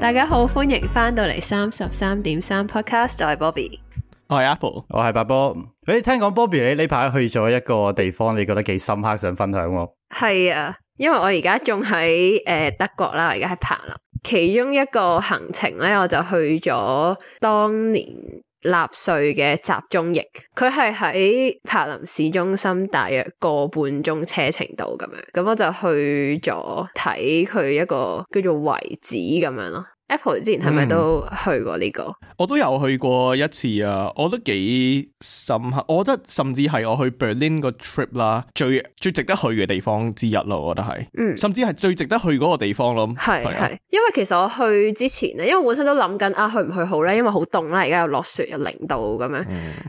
大家好，歡迎翻到嚟，三十三點三 podcast，我係 Bobby，我係 Apple，我係八波。誒，聽講 Bobby 你呢排去咗一個地方，你覺得幾深刻，想分享喎？係啊，因為我而家仲喺誒德國啦，我而家喺柏林。其中一個行程咧，我就去咗當年。納粹嘅集中營，佢係喺柏林市中心大約個半鐘車程度咁樣，咁我就去咗睇佢一個叫做遺址咁樣咯。Apple 之前係咪都去過呢個、嗯？我都有去過一次啊！我都幾深刻，我覺得甚至係我去 Berlin 個 trip 啦，最最值得去嘅地方之一咯，我覺得係，嗯，甚至係最值得去嗰個地方咯、啊。係係係、啊，因為其實我去之前咧，因為本身都諗緊啊，去唔去好咧？因為好凍啦，而家又落雪又零度咁樣，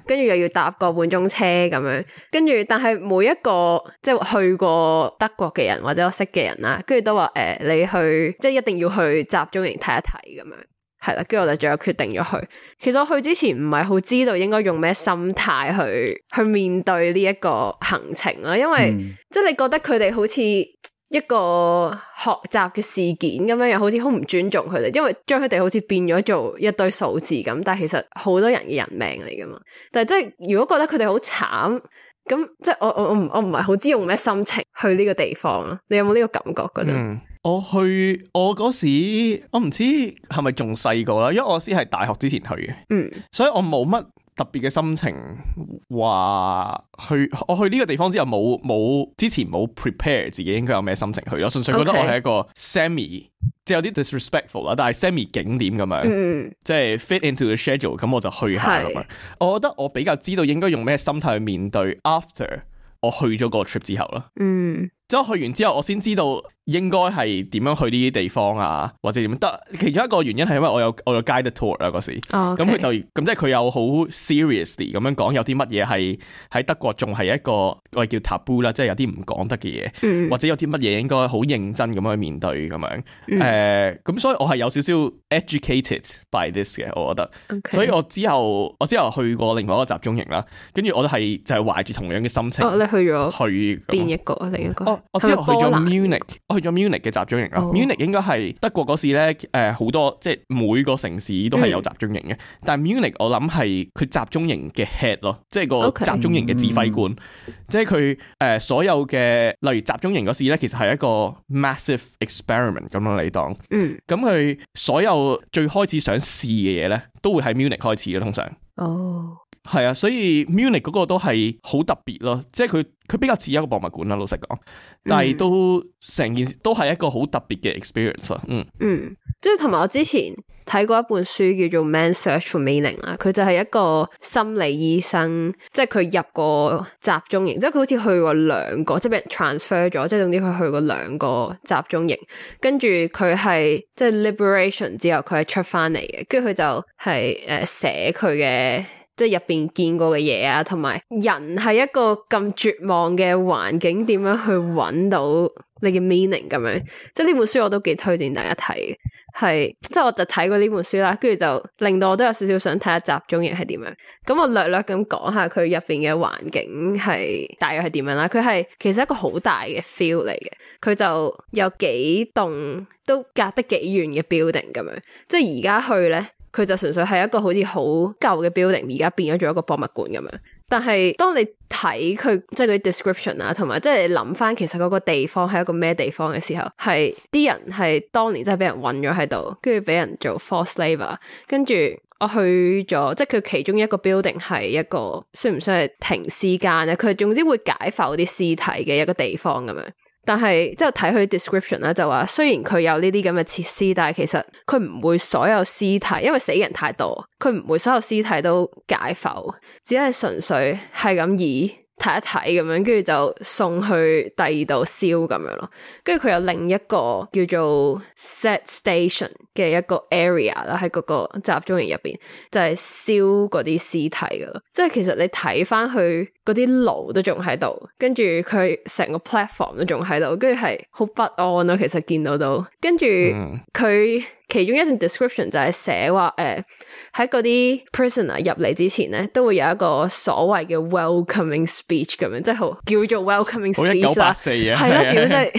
跟住、嗯、又要搭個半鐘車咁樣，跟住但係每一個即係去過德國嘅人或者我識嘅人啦，跟住都話誒、呃，你去即係一定要去集中營睇一。係咁樣係啦，跟住我就最後決定咗去。其實我去之前唔係好知道應該用咩心態去去面對呢一個行程啦，因為即係你覺得佢哋好似一個學習嘅事件咁樣，又好似好唔尊重佢哋，因為將佢哋好似變咗做一堆數字咁。但係其實好多人嘅人命嚟噶嘛。但係即係如果覺得佢哋好慘咁，即係我我我唔我唔係好知用咩心情去呢個地方啊，你有冇呢個感覺嗰陣？我去我嗰時我唔知係咪仲細個啦，因為我先係大學之前去嘅，嗯，所以我冇乜特別嘅心情話去，我去呢個地方之後冇，冇之前冇 prepare 自己應該有咩心情去，我純粹覺得我係一個 semi Okay. 即係有啲 disrespectful 啦，但係 semi 景點咁樣，嗯，即係 fit into the schedule 咁我就去下咁樣是，我覺得我比較知道應該用咩心態去面對 after 我去咗個 trip 之後啦，嗯。之後去完之後，我先知道應該係點樣去呢啲地方啊，或者點得。其中一個原因係因為我有我有 guide tour 啊嗰時，咁佢就咁即係佢有好 seriously 咁樣講有啲乜嘢係喺德國仲係一個我哋叫 taboo 啦，即係有啲唔講得嘅嘢，或者有啲乜嘢應該好認真咁去面對咁樣。誒、嗯，咁、呃、所以我係有少少 educated by this 嘅，我覺得。okay. 所以我之後我之後去過另外一個集中營啦，跟住我都係就係懷住同樣嘅心情。哦，你去咗去邊一個啊？另一個。我之後去咗 Munich，我去咗 Munich 嘅集中營啦。哦、Munich 應該係德國嗰時咧，誒、呃、好多即係每個城市都係有集中營嘅。嗯、但係 Munich 我諗係佢集中營嘅 head 咯，即係個集中營嘅指揮官。Okay, 嗯、即係佢誒所有嘅例如集中營嗰時咧，其實係一個 massive experiment 咁樣嚟當。嗯。咁佢所有最開始想試嘅嘢咧，都會喺 Munich 開始咯，通常。哦。係啊，所以 Munich 嗰個都係好特別咯，即係佢。佢比較似一個博物館啦，老實講，但係都成、嗯、件事都係一個好特別嘅 experience。嗯嗯，即係同埋我之前睇過一本書叫做《Man's Search for Meaning》啦，佢就係一個心理醫生，即係佢入過集中營，即係佢好似去過兩個，即係畀人 transfer 咗，即係總之佢去過兩個集中營，跟住佢係即係、就是、liberation 之後，佢係出翻嚟嘅，跟住佢就係誒寫佢嘅。即係入邊見過嘅嘢啊，同埋人係一個咁絕望嘅環境，點樣去搵到你嘅 meaning 咁樣？即係呢本書我都幾推薦大家睇，係即係我就睇過呢本書啦，跟住就令到我都有少少想睇下集中嘢係點樣。咁我略略咁講下佢入邊嘅環境係大約係點樣啦。佢係其實一個好大嘅 feel 嚟嘅，佢就有幾棟都隔得幾遠嘅 building 咁樣。即係而家去咧。佢就純粹係一個好似好舊嘅 building，而家變咗做一個博物館咁樣。但係當你睇佢即係嗰啲 description 啊，同埋即係諗翻其實嗰個地方係一個咩地方嘅時候，係啲人係當年真係俾人運咗喺度，跟住俾人做 forced labour。跟住我去咗，即係佢其中一個 building 係一個算唔算係停屍間咧？佢總之會解剖啲屍體嘅一個地方咁樣。但係即係睇佢 description 啦，就話雖然佢有呢啲咁嘅設施，但係其實佢唔會所有屍體，因為死人太多，佢唔會所有屍體都解剖，只係純粹係咁以。睇一睇咁樣，跟住就送去第二度燒咁樣咯。跟住佢有另一個叫做 set station 嘅一個 area 啦，喺嗰個集中營入邊就係燒嗰啲屍體噶咯。即係其實你睇翻佢嗰啲爐都仲喺度，跟住佢成個 platform 都仲喺度，跟住係好不安咯、啊。其實見到到，跟住佢。其中一段 description 就係寫話，誒、呃、喺嗰啲 prisoner 入嚟之前咧，都會有一個所謂嘅 welcoming speech 咁樣，即係好叫做 welcoming speech, speech 啦，係咯、啊，點即係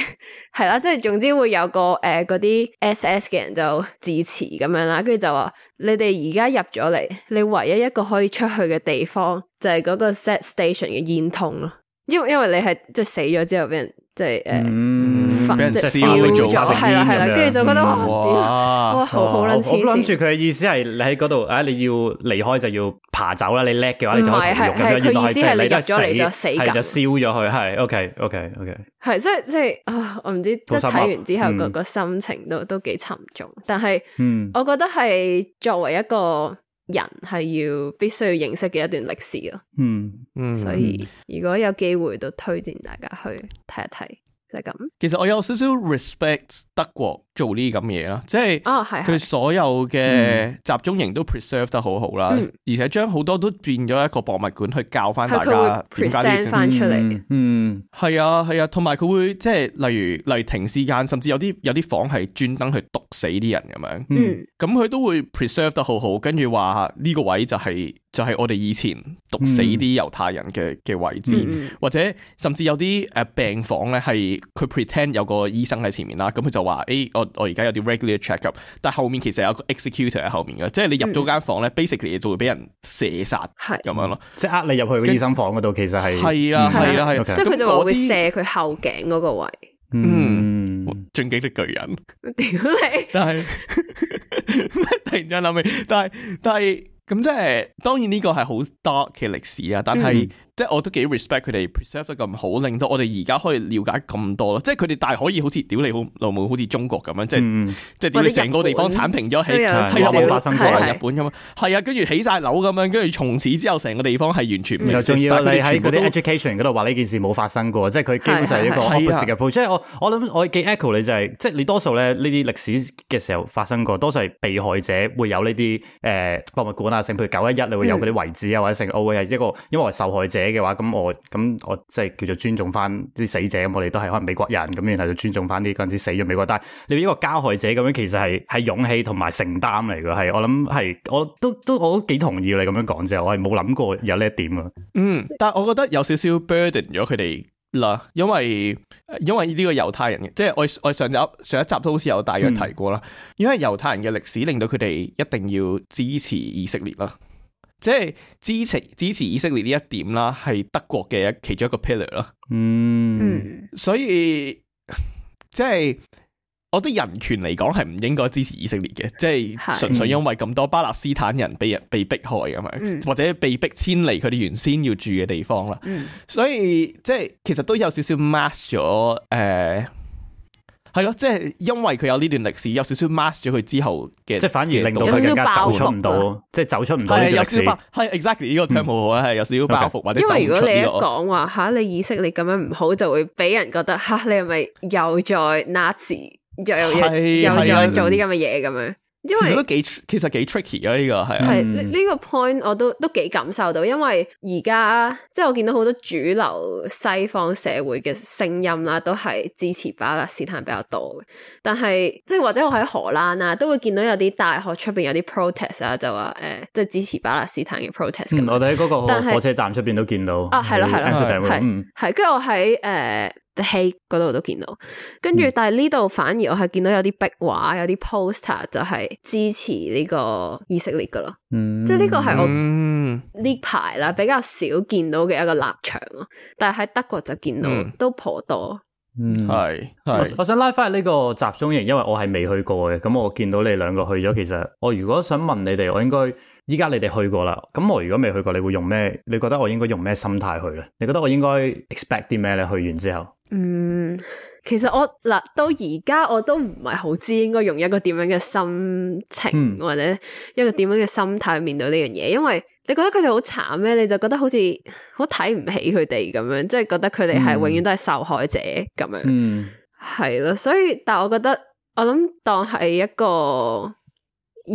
係啦，即係 總之會有個誒嗰啲 SS 嘅人就致辭咁樣啦，跟住就話你哋而家入咗嚟，你唯一一個可以出去嘅地方就係、是、嗰個 set station 嘅煙筒咯，因為因為你係即係死咗之後俾人即係誒。就是呃嗯燒咗，係啦係啦，跟住就覺得哇，哇，好好捻黐線。我諗住佢嘅意思係，你喺嗰度，啊，你要離開就要爬走啦。你叻嘅話，你就可以喺佢意思係，你入咗嚟就死，係就燒咗佢。係，OK OK OK。係，即係即係啊！我唔知即係睇完之後個個心情都都幾沉重。但係，我覺得係作為一個人係要必須要認識嘅一段歷史咯。嗯嗯，所以如果有機會都推薦大家去睇一睇。其實，我有少少 respect 德國。做呢啲咁嘅嘢啦，即係啊，係佢所有嘅集中營都 preserve 得好好啦，嗯、而且將好多都變咗一個博物館去教翻大家，present 翻出嚟。嗯，係啊，係啊，同埋佢會即係例如例如停屍間，甚至有啲有啲房係專登去毒死啲人咁樣。嗯，咁佢都會 preserve 得好好，跟住話呢個位就係、是、就係、是、我哋以前毒死啲猶太人嘅嘅、嗯、位置，嗯嗯、或者甚至有啲誒病房咧係佢 pretend 有個醫生喺前面啦，咁佢就話誒、欸、我。我而家有啲 regular check up，但係後面其實有個 executor 喺後面噶，即係你入到間房咧，basically 就會俾人射殺，係咁樣咯。即係呃你入去個醫生房嗰度，其實係係啊，係啦，即係佢就會射佢後頸嗰個位。嗯，進擊的巨人，屌你！但係突然間諗起，但係但係咁即係，當然呢個係好 dark 嘅歷史啊，但係。即我都幾 respect 佢哋 preserve 得咁好，令到我哋而家可以了解咁多咯。即係佢哋大可以好似屌你好老母，好似中國咁樣，即係即係屌你成個地方剷平咗起，係冇發生過喺日本噶嘛？係啊，跟住起晒樓咁樣，跟住從此之後，成個地方係完全唔重要，你喺嗰啲 education 嗰度話呢件事冇發生過，即係佢基本上係一個嘅即係我我諗我記 echo 你就係，即係你多數咧呢啲歷史嘅時候發生過，多數係被害者會有呢啲誒博物館啊，成譬如九一一，你會有嗰啲遺址啊，或者成我會係一個因為我受害者。嘅話，咁我咁我即係叫做尊重翻啲死者，咁我哋都係可能美國人咁，然後就尊重翻啲嗰陣時死咗美國。但係你呢個加害者咁樣，其實係係勇氣同埋承擔嚟嘅。係我諗係我都都我都幾同意你咁樣講啫。我係冇諗過有呢一點噶。嗯，但係我覺得有少少 burden 咗佢哋啦，因為因為呢個猶太人嘅，即係我我上集上一集都好似有大約提過啦，嗯，因為猶太人嘅歷史令到佢哋一定要支持以色列啦。即係支持支持以色列呢一點啦，係德國嘅其中一個 pillar 咯。嗯，所以即係我啲人權嚟講係唔應該支持以色列嘅，即係純粹因為咁多巴勒斯坦人被人被逼害咁樣，嗯、或者被迫遷離佢哋原先要住嘅地方啦。嗯、所以即係其實都有少少 mask 咗誒。呃係咯，即係因為佢有呢段歷史，有少少 mask 咗佢之後嘅，即係反而令到佢更加走出唔到，即係走出唔到呢段歷史，係 exactly 呢個講法係有少少包袱或者、這個、因為如果你一講話吓、啊、你以色列你咁樣唔好，就會俾人覺得吓、啊、你係咪又再 nazi 又又的又再做啲咁嘅嘢咁樣。的因為都幾其實幾 tricky 嘅呢個係，呢呢個 point 我都都幾感受到，因為而家即係我見到好多主流西方社會嘅聲音啦，都係支持巴勒斯坦比較多嘅。但係即係或者我喺荷蘭啊，都會見到有啲大學出邊有啲 protest 啊，就話誒即係支持巴勒斯坦嘅 protest 我哋喺嗰個火火車站出邊都見到啊，係咯係咯，係跟住我喺誒。the Hague 嗰度都見到，跟住但係呢度反而我係見到有啲壁畫，嗯、有啲 poster 就係支持呢個以色列噶咯，嗯、即係呢個係我呢排啦比較少見到嘅一個立場咯。但係喺德國就見到都頗多。嗯，係係、嗯，我想拉翻嚟呢個集中營，因為我係未去過嘅，咁我見到你兩個去咗，其實我如果想問你哋，我應該依家你哋去過啦，咁我如果未去過，你會用咩？你覺得我應該用咩心態去咧？你覺得我應該 expect 啲咩咧？去完之後？嗯，其實我嗱到而家我都唔係好知應該用一個點樣嘅心情、嗯、或者一個點樣嘅心態去面對呢樣嘢，因為你覺得佢哋好慘咩？你就覺得好似好睇唔起佢哋咁樣，即係覺得佢哋係永遠都係受害者咁、嗯、樣，係咯、嗯。所以，但係我覺得我諗當係一個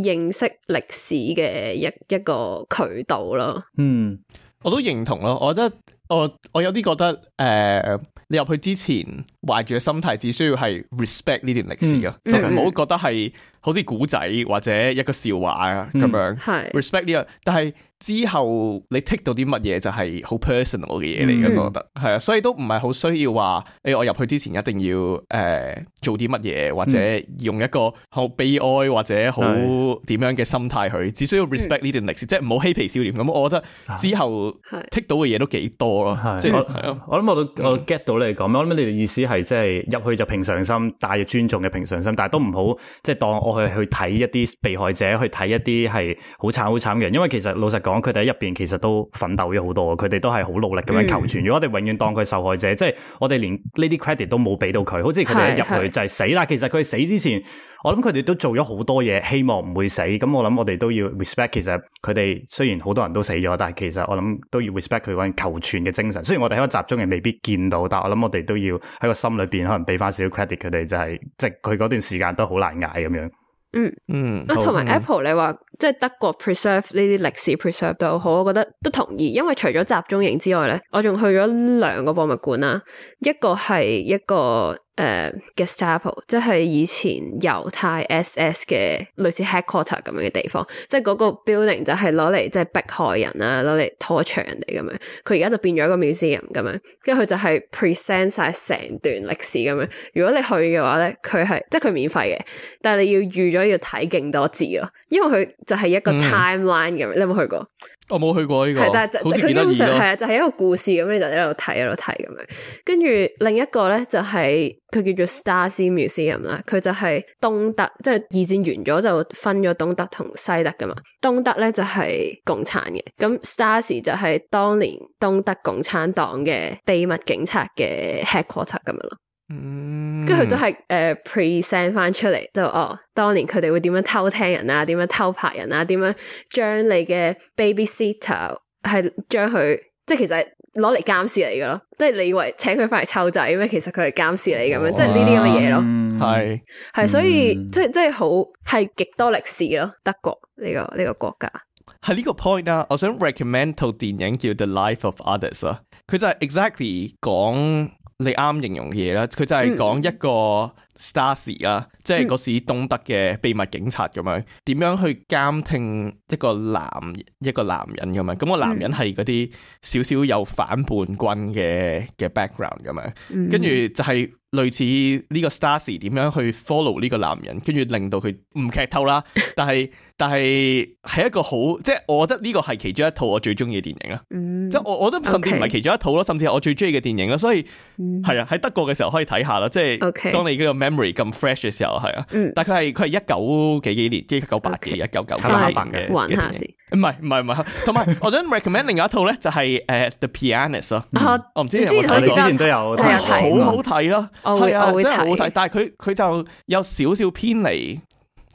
認識歷史嘅一個一個渠道咯。嗯，我都認同咯。我覺得我我有啲覺得誒。Uh, 你入去之前，.懷住嘅心態，只需要係 respect 呢段歷史噶，嗯、就唔好覺得係好似古仔或者一個笑話啊咁樣。係、嗯、respect 呢、這個，但係之後你 take 到啲乜嘢就係好 personal 嘅嘢嚟嘅，我覺得係啊，所以都唔係好需要話誒、欸，我入去之前一定要誒、呃、做啲乜嘢，或者用一個好悲哀或者好點樣嘅心態去，嗯、只需要 respect 呢、嗯、段歷史，即係唔好嬉皮笑臉。咁我覺得之後 take 到嘅嘢都幾多咯，即係我我諗我都 get 到你講，我諗你嘅意思係。即係入去就平常心，帶住尊重嘅平常心，但係都唔好即係當我去去睇一啲被害者，去睇一啲係好慘好慘嘅人。因為其實老實講，佢哋喺入邊其實都奮鬥咗好多，佢哋都係好努力咁樣求存。嗯、如果我哋永遠當佢受害者， 即係我哋連呢啲 credit 都冇俾到佢，好似佢哋一入去就係死啦。是是 其實佢死之前，我諗佢哋都做咗好多嘢，希望唔會死。咁我諗我哋都要 respect。其實佢哋雖然好多人都死咗，但係其實我諗都要 respect 佢人求存嘅精神。雖然我哋喺個集中嘅未必見到，但係我諗我哋都要喺個。心裏邊可能俾翻少 credit 佢、就、哋、是，就係即係佢嗰段時間都好難捱咁樣。嗯嗯，嗯好啊同埋 Apple 你話即係德國 preserve 呢啲歷史 preserve 都好，我覺得都同意。因為除咗集中營之外咧，我仲去咗兩個博物館啦、啊，一個係一個。誒 Gestapo 即係以前猶太 SS 嘅類似 headquarter 咁樣嘅地方，即係嗰個 building 就係攞嚟即係迫害人啊，攞嚟拖長人哋咁樣。佢而家就變咗一個 museum 咁樣，跟住佢就係 present 晒成段歷史咁樣。如果你去嘅話咧，佢係即係佢免費嘅，但係你要預咗要睇勁多字咯，因為佢就係一個 timeline 咁樣。嗯、你有冇去過？我冇去過呢、這個。係的，但係佢根本上係啊、嗯，就係、是、一個故事咁樣，你就喺度睇喺度睇咁樣。跟住另一個咧就係、是。佢叫做 Stasi Museum 啦，佢就係東德，即係二戰完咗就分咗東德同西德噶嘛。東德咧就係共產嘅，咁 Stasi 就係當年東德共產黨嘅秘密警察嘅 headquarter 咁樣咯。嗯、mm，跟住佢都係誒 present 翻出嚟，就哦，當年佢哋會點樣偷聽人啊，點樣偷拍人啊，點樣將你嘅 babysitter 係將佢，即係其實。攞嚟監視你噶咯，即係你以為請佢翻嚟湊仔咩？其實佢係監視你咁樣，哇即係呢啲咁嘅嘢咯。係係、嗯，所以、嗯、即係即係好係極多歷史咯，德國呢個呢個國家。喺呢個 point 啊，我想 recommend 套電影叫《The Life of Others》啊，佢就係 exactly 講。你啱形容嘅嘢啦，佢就係講一個 Stasi 啦、嗯，即係嗰時東德嘅秘密警察咁樣，嗯、點樣去監聽一個男一個男人咁樣，咁、那個男人係嗰啲少少有反叛軍嘅嘅 background 咁樣，跟住就係、是。類似呢個 Stasi 點樣去 follow 呢個男人，跟住令到佢唔劇透啦。但係但係係一個好，即係我覺得呢個係其中一套我最中意嘅電影啊。嗯、即係我我覺得，甚至唔係其中一套咯，嗯、okay, 甚至係我最中意嘅電影啦。所以係啊，喺德國嘅時候可以睇下啦。即係當你嗰個 Memory 咁 fresh 嘅時候，係啊。嗯、但佢係佢係一九幾幾年，即係 okay, 一九八幾一九九嘅嘅嘅。唔係唔係唔係，同埋 我想 recommend 另外一套咧，就係誒 The Pianist 咯。 我唔知你有冇睇，我哋之前都有，但係、嗯、好好睇咯，係啊，真係好好睇。會但係佢佢就有少少偏離，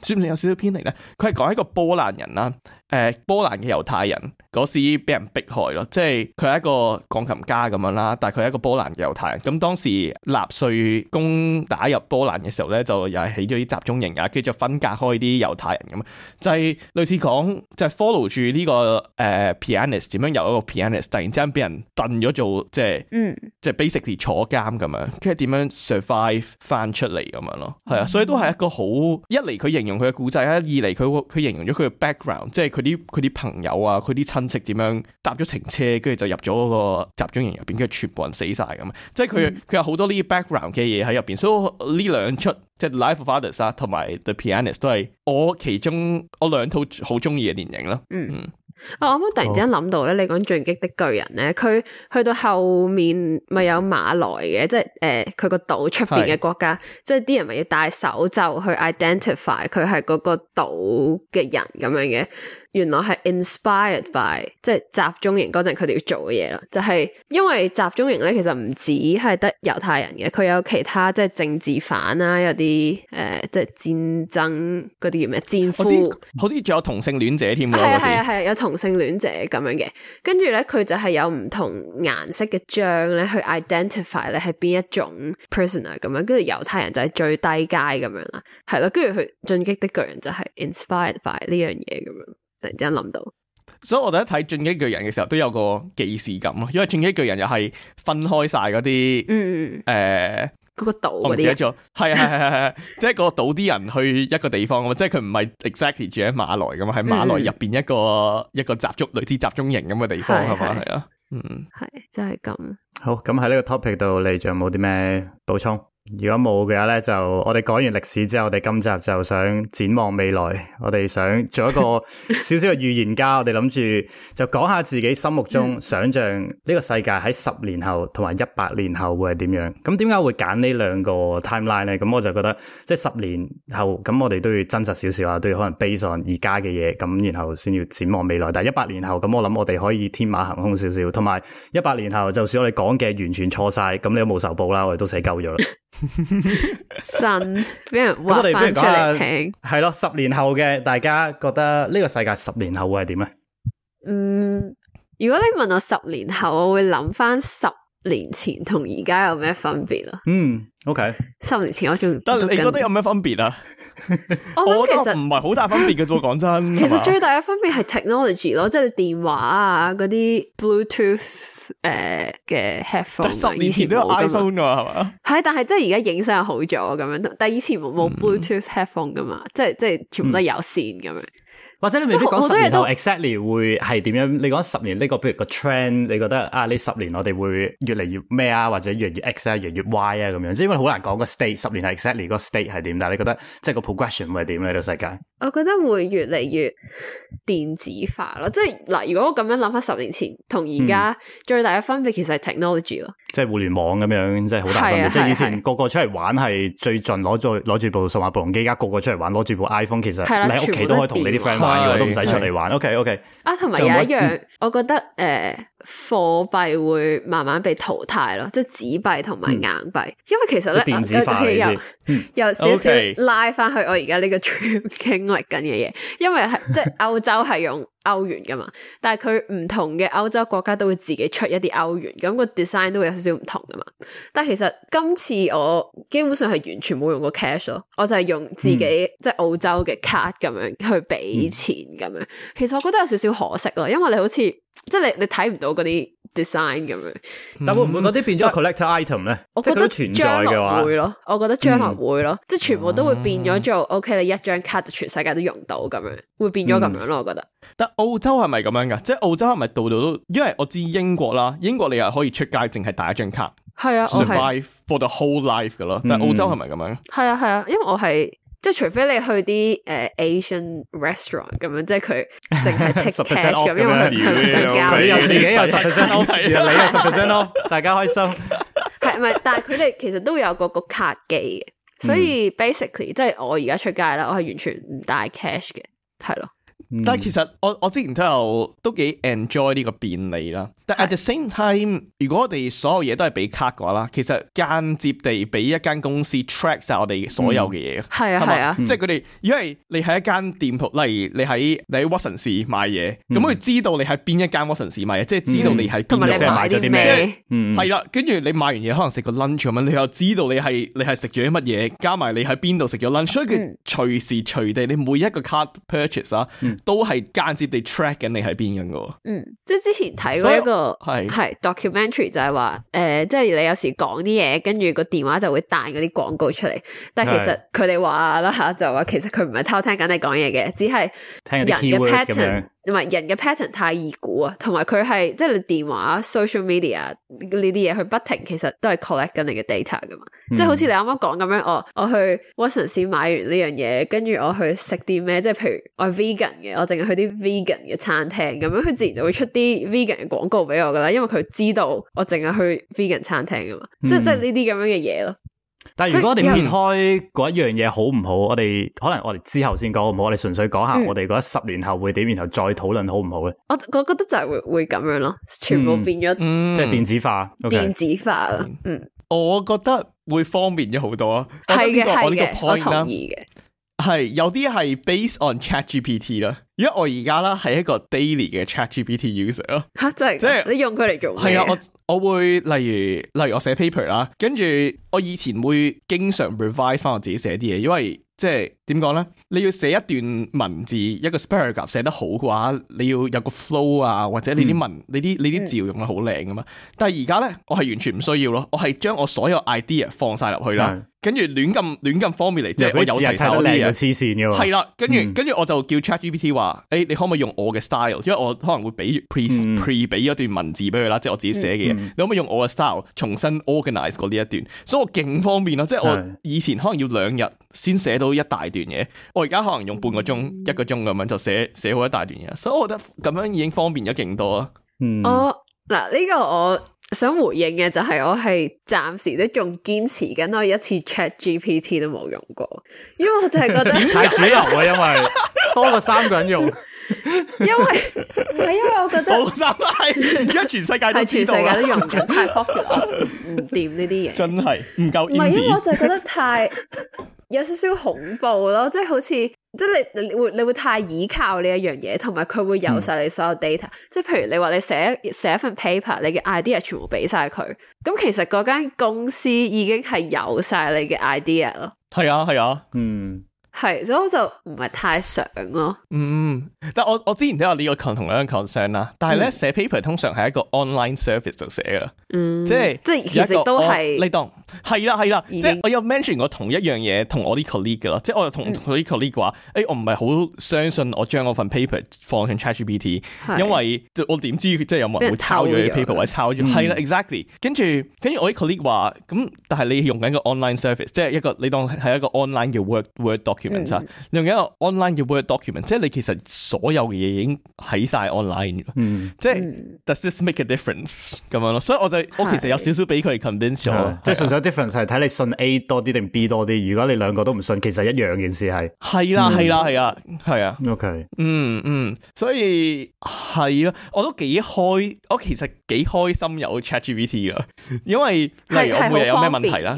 算唔算有少少偏離咧？佢係講一個波蘭人啦、啊。誒波蘭嘅猶太人嗰時俾人迫害咯，即係佢係一個鋼琴家咁樣啦，但係佢係一個波蘭嘅猶太人。咁當時納粹攻打入波蘭嘅時候咧，就又係起咗啲集中營啊，跟住就分隔開啲猶太人咁啊，就係、是、類似講就係、是、follow 住呢、這個誒、uh, pianist 點樣由一個 pianist 突然之間俾人蹲咗做即係，嗯、就是，即、就、係、是、basically 坐監咁樣，跟住點樣 survive 翻出嚟咁樣咯，係啊，所以都係一個好一嚟佢形容佢嘅故仔啊，二嚟佢佢形容咗佢嘅 background，即係佢。啲佢啲朋友啊，佢啲親戚點樣搭咗停車，跟住就入咗個集中營入邊，跟住全部人死晒咁啊！即係佢佢有好多呢啲 background 嘅嘢喺入邊，所以呢兩出即係《The Life of Others》啊，同埋《The Pianist》都係我其中我兩套好中意嘅電影咯。嗯嗯，我突然之間諗到咧，oh、你講《進擊的巨人》咧，佢去到後面咪有馬來嘅，即係誒，佢、呃、個島出邊嘅國家，是 即係啲人咪要戴手袖去 identify 佢係嗰個島嘅人咁樣嘅。原來係 inspired by 即係集中營嗰陣佢哋要做嘅嘢啦，就係、是、因為集中營咧，其實唔止係得猶太人嘅，佢有其他即係政治犯啦、啊，有啲誒、呃、即係戰爭嗰啲叫咩戰俘，好似仲有同性戀者添咯，係係啊對對對，有同性戀者咁樣嘅，跟住咧佢就係有唔同顏色嘅章咧去 identify 咧係邊一種 prisoner 咁樣，跟住猶太人就係最低階咁樣啦，係咯，跟住佢進擊的巨人就係 inspired by 呢樣嘢咁樣。突然之間諗到，所以、so, 我哋一睇《進擊巨人》嘅時候都有個既視感啊，因為《進擊巨人》又係分開晒嗰啲，嗯嗯嗯，誒嗰、欸、個島嗰啲，係啊係係係，即係個島啲人去一個地方啊嘛，即係佢唔係 exactly 住喺馬來咁嘛，喺馬來入邊一個一個集中類似集中營咁嘅地方係嘛係啊，嗯係即係咁。好，咁喺呢個 topic 度，你仲有冇啲咩補充？如果冇嘅話咧，就我哋講完歷史之後，我哋今集就想展望未來。我哋想做一個少少嘅預言家， 我哋諗住就講下自己心目中 想象呢個世界喺十年後同埋一百年後會係點樣。咁點解會揀呢兩個 timeline 咧？咁我就覺得即係、就是、十年後，咁我哋都要真實少少啊，都要可能基於而家嘅嘢，咁然後先要展望未來。但係一百年後，咁我諗我哋可以天馬行空少少，同埋一百年後，就算我哋講嘅完全錯晒，咁你都冇仇報啦，我哋都寫夠咗啦。 神俾人挖翻 出嚟聽，係咯，十年後嘅大家覺得呢個世界十年後會係點咧？嗯，如果你問我十年後，我會諗翻十。年前同而家有咩分別啊？嗯，OK，十年前我仲，但你覺得有咩分別啊 、哦？我其實唔係好大分別嘅，我講真。其實最大嘅分別係 technology 咯，即係電話啊，嗰啲 Bluetooth 誒、呃、嘅 headphone，、啊、十年前，以前有都有 iPhone 噶嘛，係嘛？係，但係即係而家影相好咗咁樣，但係以前冇冇 Bluetooth、嗯、headphone 噶嘛？即係即係全部都係有線咁樣。嗯或者你未必講十年到 exactly 會係點樣？你講十年呢個，譬如個 trend，你覺得啊，呢十年我哋會越嚟越咩啊？或者越嚟越 x 啊，越嚟越 y 啊咁樣。所以因為好難講個 state，十年係 exactly 個 state 係點。但係你覺得即係個 progression 會係點咧？呢個世界，我覺得會越嚟越電子化咯。即係嗱，如果咁樣諗翻十年前同而家最大嘅分別，其實係 technology 咯、嗯，即係互聯網咁樣，即係好大分別。即係以前個個出嚟玩係最盡，攞住攞住部數碼暴龍機，而家個個出嚟玩攞住部 iPhone，其實你喺屋企都可以同你啲 friend。對我都唔使出嚟玩對，OK OK。啊，同埋有一樣， 我覺得誒。Uh 貨幣會慢慢被淘汰咯，即係紙幣同埋硬幣，嗯、因為其實咧有、嗯、有少少拉翻去我而家呢個 trip 經歷緊嘅嘢，Okay. 因為係即係歐洲係用歐元噶嘛， 但係佢唔同嘅歐洲國家都會自己出一啲歐元，咁個 design 都會有少少唔同噶嘛。但係其實今次我基本上係完全冇用過 cash 咯，我就係用自己、嗯、即係澳洲嘅 card 咁樣去俾錢咁樣。嗯、其實我覺得有少、少少可惜咯，因為你好似，即係你你睇唔到嗰啲 design 咁樣、嗯，但會唔會嗰啲變咗 collector item 咧？但我覺得存在嘅話會咯，嗯、我覺得將來會咯，即係全部都會變咗做、啊、OK，你一張卡就全世界都用到咁樣，會變咗咁樣咯。嗯、我覺得。但澳洲係咪咁樣噶？即係澳洲係咪度度都？因為我知英國啦，英國你又可以出街淨係打一張卡，係啊 survive for the whole life 噶咯。嗯、但澳洲係咪咁樣？係啊係啊，因為我係。即係除非你去啲誒、呃、Asian restaurant 咁樣，即係佢淨係 take cash 咁 ，off 因為佢唔嗎想交你又十 percent，你又十 percent 咯，off, 大家開心。係唔係？但係佢哋其實都有嗰個，個卡機嘅，所以 basically 即係、嗯、我而家出街啦，我係完全唔帶 cash 嘅，係咯。嗯、但係其實我我之前都有都幾 enjoy 呢個便利啦。At the same time，如果我哋所有嘢都係俾卡嘅話啦，其實間接地俾一間公司 track 晒我哋所有嘅嘢。係啊係啊，即係佢哋，因為你喺一間店鋪，例如你喺你喺 Watsons 買嘢，咁佢知道你喺邊一間 Watsons 買嘢，即係知道你喺邊度先買咗啲嘢。嗯，係啦，跟住你買完嘢可能食個 lunch 咁樣，你又知道你係你係食咗啲乜嘢，加埋你喺邊度食咗 lunch，所以佢隨時隨地你每一個 card purchase 啊，都係間接地 track 緊你喺邊咁噶。嗯，即係之前睇過一個。係係 documentary 就係話誒，即、呃、係、就是、你有時講啲嘢，跟住個電話就會彈嗰啲廣告出嚟。但係其實佢哋話啦吓，是的 就話其實佢唔係偷聽緊你講嘢嘅，只係聽人嘅 pattern。唔係人嘅 pattern 太易估啊，同埋佢係即係你電話、social media 呢啲嘢，佢不停其實都係 collect 緊你嘅 data 噶嘛。嗯、即係好似你啱啱講咁樣，我我去 Watsons 買完呢樣嘢，跟住我去食啲咩？即係譬如我係 vegan 嘅，我淨係去啲 vegan 嘅餐廳咁樣，佢自然就會出啲 vegan 嘅廣告俾我噶啦，因為佢知道我淨係去 vegan 餐廳噶嘛。嗯、即係即係呢啲咁樣嘅嘢咯。但係如果我哋唔開嗰樣嘢好唔好？嗯、好，好，我哋可能我哋之後先講好唔好，我哋純粹講下我哋嗰十年後會點，然後再討論好唔好咧？我我覺得就係會會咁樣咯，全部變咗、嗯，即、嗯、係電子化，okay、電子化啦，嗯，我覺得會方便咗好多啊，係嘅係嘅，我同意嘅。係有啲係 based on ChatGPT 啦，因為我而家啦係一個 daily 嘅 ChatGPT user 咯、啊。吓，即係即係你用佢嚟做咩？係啊，我我會例如例如我寫 paper 啦，跟住我以前會經常 revise 翻我自己寫啲嘢，因為即係點講咧？你要寫一段文字一個 paragraph 寫得好嘅話，你要有個 flow 啊，或者你啲文、嗯、你啲你啲字用得好靚噶嘛。嗯、但係而家咧，我係完全唔需要咯，我係將我所有 idea 放晒入去啦。嗯跟住亂咁亂咁 formula 即係我有齊手啲嘢，黐線嘅。係啦，跟住、嗯、跟住我就叫 ChatGPT 話：誒、欸，你可唔可以用我嘅 style？、嗯、因為我可能會俾 pre pre 俾一段文字俾佢啦，即係我自己寫嘅嘢。嗯、你可唔可以用我嘅 style 重新 organize 過呢一段？所以我勁方便咯，即係我以前可能要兩日先寫到一大段嘢，我而家可能用半個鐘、嗯、一個鐘咁樣就寫寫好一大段嘢。所以我覺得咁樣已經方便咗勁多啦。嗯，我嗱呢、呢個我。想回應嘅就係我係暫時都仲堅持緊，我一次 Chat GPT 都冇用過，因為我就係覺得太主流啊，為 因為多過三個人用，因為唔係因為我覺得三而家全世界都全世界都用唔到，太 popular 唔掂呢啲嘢，真係唔夠，唔係因為我就係覺得太。有少少恐怖咯，即係好似，即係你你，你會你會太依靠呢一樣嘢，同埋佢會有晒你所有 data，嗯，即係譬如你話你寫寫一份 paper，你嘅 idea 全部俾晒佢，咁其實嗰間公司已經係有晒你嘅 idea 咯。係啊，係啊，嗯。係，所以我就唔係太想咯。嗯，但係我我之前都有呢個同樣嘅 concern 啦。但係咧寫 paper 通常係一個 online service 就寫噶。嗯，即係即係其實都係。你當係啦係啦，定即係我有 mention 過同一樣嘢同我啲 colleague 噶咯。即係我又同我啲、嗯、colleague 話，誒、欸，我唔係好相信我將我份 paper 放向 ChatGPT，的因為我點知即係有冇人會抄咗你嘅 paper 或者抄咗？係啦、嗯、，exactly。跟住跟住我啲 colleague 話，咁但係你用緊個 online service 即係一個，service，一個，一個你當係一個 online 嘅 Word Word Doc。嗯、用一個 online 嘅 word document，即係你其實所有嘅嘢已經喺晒 online 嗯，即係是、嗯、does this make a difference 咁樣咯？所以我就是我其實有少少俾佢哋 convinced 咗，即係純粹 difference 係睇你信 A 多啲定 B 多啲。如果你兩個都唔信，其實一樣件事係。係啦，係啦，係啊，係、嗯、啊。Okay、啊、嗯、啊啊、Okay. 嗯，所以係咯、啊，我都幾開，我其實幾開心有 ChatGPT 噶，因為例如我每日有咩問題啦。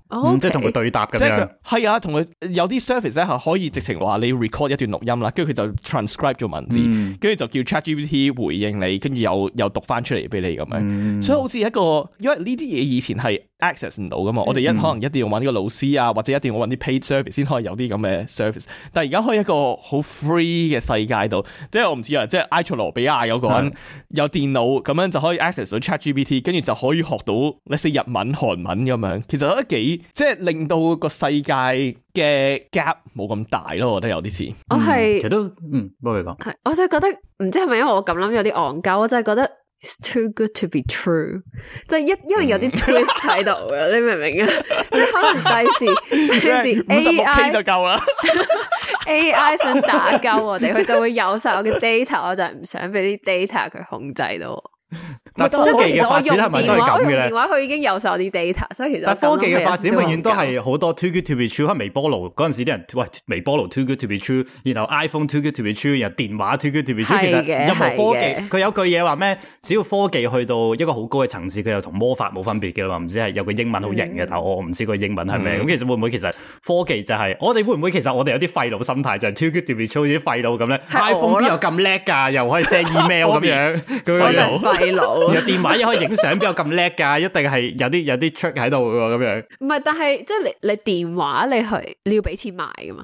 Okay. 嗯、即係同佢對答咁樣，係啊，同佢有啲 service 咧係可以直情話你 record 一段錄音啦，跟住佢就 transcribe 咗文字，跟住、嗯、就叫 ChatGPT 回應你，跟住又又讀翻出嚟俾你咁樣，嗯、所以好似一個，因為呢啲嘢以前係 access 唔到㗎嘛，嗯、我哋一可能一定要揾個老師啊，或者一定要揾啲 paid service 先可以有啲咁嘅 service，但係而家可以一個好 free 嘅世界度，即係我唔知啊，即係埃塞羅比亞有個人、嗯、有電腦咁樣就可以 access 到 ChatGPT，跟住就可以學到 let's say 日文、韓文咁樣，其實都幾～即係令到個世界嘅 gap 冇咁大咯，我覺得有啲似。我係是、嗯、其實都嗯，冇嘢講。係，我就覺得唔知係咪因為我咁諗有啲戇鳩，我真係覺得 it's too good to be true，即係、就係、一因為、嗯、有啲 twist 喺度嘅，你明唔明啊？ 即係可能第時第時 AI 就夠啦 ，AI 想打鳩我哋，佢就會有晒我嘅 data， 我就唔想俾啲 data 佢控制到我。但科技嘅發展係咪都係咁嘅咧？電話佢已經有晒啲 data，所以其實。但科技嘅發展永遠都係好多 too good to be true。開微波爐嗰陣時，啲人喂微波爐 too good to be true，然後 iPhone too good to be true，然後電話 too good to be true。其實任何科技，佢有句嘢話咩？只要科技去到一個好高嘅層次，佢就同魔法冇分別嘅嘛。唔知係有個英文好型嘅，但我唔知個英文係咩。咁其實會唔會其實科技就係我哋會唔會其實我哋有啲廢佬心態，就 too good to be true 啲廢佬咁咧？iPhone 邊有咁叻噶？又可以 send email 咁樣，你老原來用 電話又可以影相，邊有咁叻噶？一定係有啲有啲 trick 喺度噶咁樣。唔係，但係即係你你電話你去你要俾錢買噶嘛？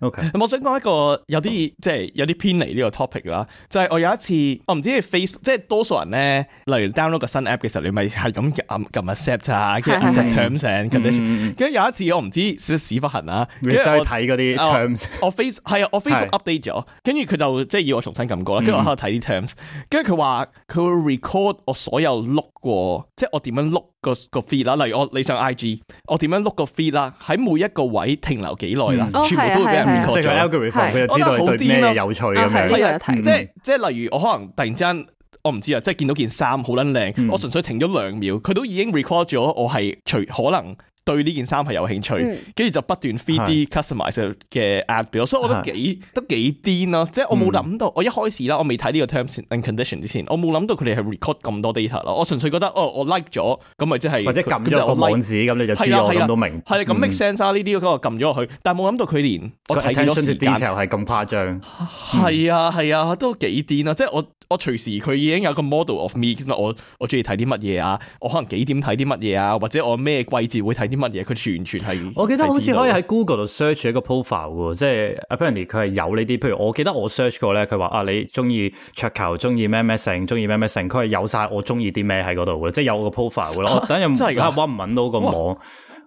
OK，咁、嗯、我想講一個有啲即係有啲偏離呢個 topic 啦，就係我有一次，我唔知你 Facebook，即係多數人咧，例如 download 個新 app 嘅時候，你咪係咁撳 accept 啊，跟住 accept terms 跟住，跟住、 嗯、有一次我唔知屎忽痕啊，跟住我睇嗰啲 terms，我 Face 係啊，我 Facebook update 咗，跟住佢就即係要我重新撳過啦，跟住我喺度睇啲 terms，跟住佢話佢會 record 我所有碌過，即係我點樣碌。個個 feed 啦，例如我你上 IG，我點樣 look 個 feed 啦？喺每一個位停留幾耐啦？全部都俾人 record 咗，即係 algorithm 佢就知道你對咩有趣咁樣。即係即係例如我可能突然之間我唔知啊，即係見到件衫好撚靚，我純粹停咗兩秒，佢都已經 record 咗我係除可能。對呢件衫係有興趣，跟住就不斷 feed 啲 customize 嘅 app 俾我。所以我覺得幾都幾癲咯的、啊，即係我冇諗到，嗯、我一開始啦，我未睇呢個 terms and conditions 之前，我冇諗到佢哋係 record 咁多 data 咯，我純粹覺得哦，我 like 咗，咁咪即係或者撳咗個網址咁你就知道、like，我諗到明，係、嗯、咁 make sense 呢啲咁我撳咗落去，但係冇諗到佢連我睇咗時間係咁誇張，係啊係啊，都幾癲啦、啊，即係我我，我隨時佢已經有個 model of me 我我中意睇啲乜嘢啊，我可能幾點睇啲乜嘢啊，或者我咩季節會睇。啲乜嘢？佢完全係，我記得好似可以喺 Google 度 search 一個 profile 喎，即係 Apparently 佢係有呢啲，譬如我記得我 search 過咧，佢話啊你中意桌球，中意咩咩性，中意咩咩性，佢係有晒我中意啲咩喺嗰度嘅，即係有個 profile 咯。等陣我係搵唔搵到個網？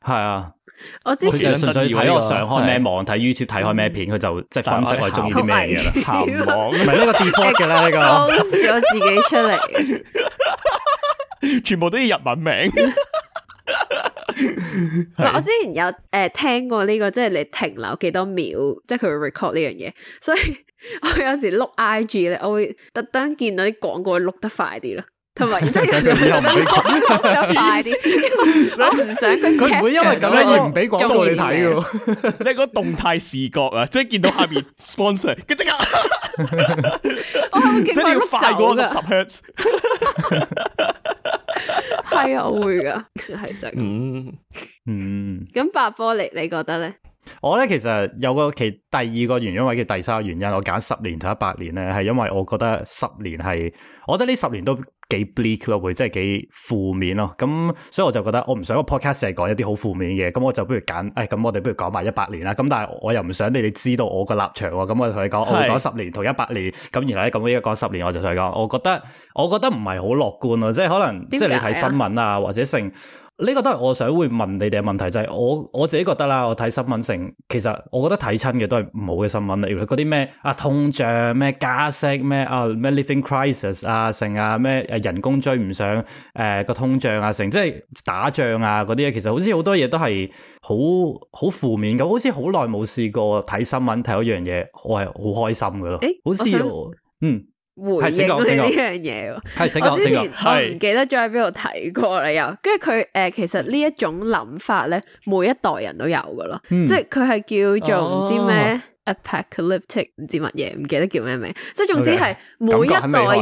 係啊，我之前純粹睇我想上開咩網，睇 YouTube 睇開咩片，佢就即係分析我中意啲咩嘢啦。巧唔係呢個 default 嘅咧，呢個想自己出嚟，全部都要日文名。 我之前有誒、呃、聽過呢、這個，即、就、係、是、你停留幾多秒，即係佢會 record 呢樣嘢，所以我有時碌 IG 咧，我會特登見到啲廣告碌得快啲咯，同埋即係有時錄 得快啲， 我唔想佢、那個。佢唔 會因為咁樣而唔俾廣告你睇噶，你個動態視覺啊，即係見到下邊 sponsor，佢即刻，即係要快過十赫茲。係啊，會噶係真。嗯嗯，咁百 科你你覺得咧？我咧其實有個其第二個原因，或者第三個原因，我揀十年同一百年咧，係因為我覺得十年係，我覺得呢十年都，幾 bleak 咯，會即係幾負面咯，咁所以我就覺得我唔想個 podcast 成日講一啲好負面嘅嘢。咁我就不如揀，誒、哎，咁我哋不如講埋一百年啦，咁但係我又唔想你哋知道我個立場，咁我就同你講，我會講十年同一百年，咁而喺咁依度講十年，我就同你講，我覺得我覺得唔係好樂觀咯，即係可能何即係你睇新聞啊或者成。呢個都係我想會問你哋嘅問題，就係、是、我我自己覺得啦，我睇新聞成，其實我覺得睇親嘅都係唔好嘅新聞，例如嗰啲咩啊通脹、咩加息、咩啊咩 living crisis 啊成啊咩誒人工追唔上誒個、啊、通脹啊成，即係打仗啊嗰啲嘢，其實好似好多嘢都係好好負面咁，好似好耐冇試過睇新聞睇一樣嘢，我係好開心㗎囉，好似誒想嗯。回應你呢樣嘢，我之前唔記得咗喺邊度睇過啦，又跟住佢誒，其實呢一種諗法咧，每一代人都有噶咯，嗯、即係佢係叫做唔知咩 Apocalyptic、哦、唔知乜嘢，唔記得叫咩名，即係總之係每一代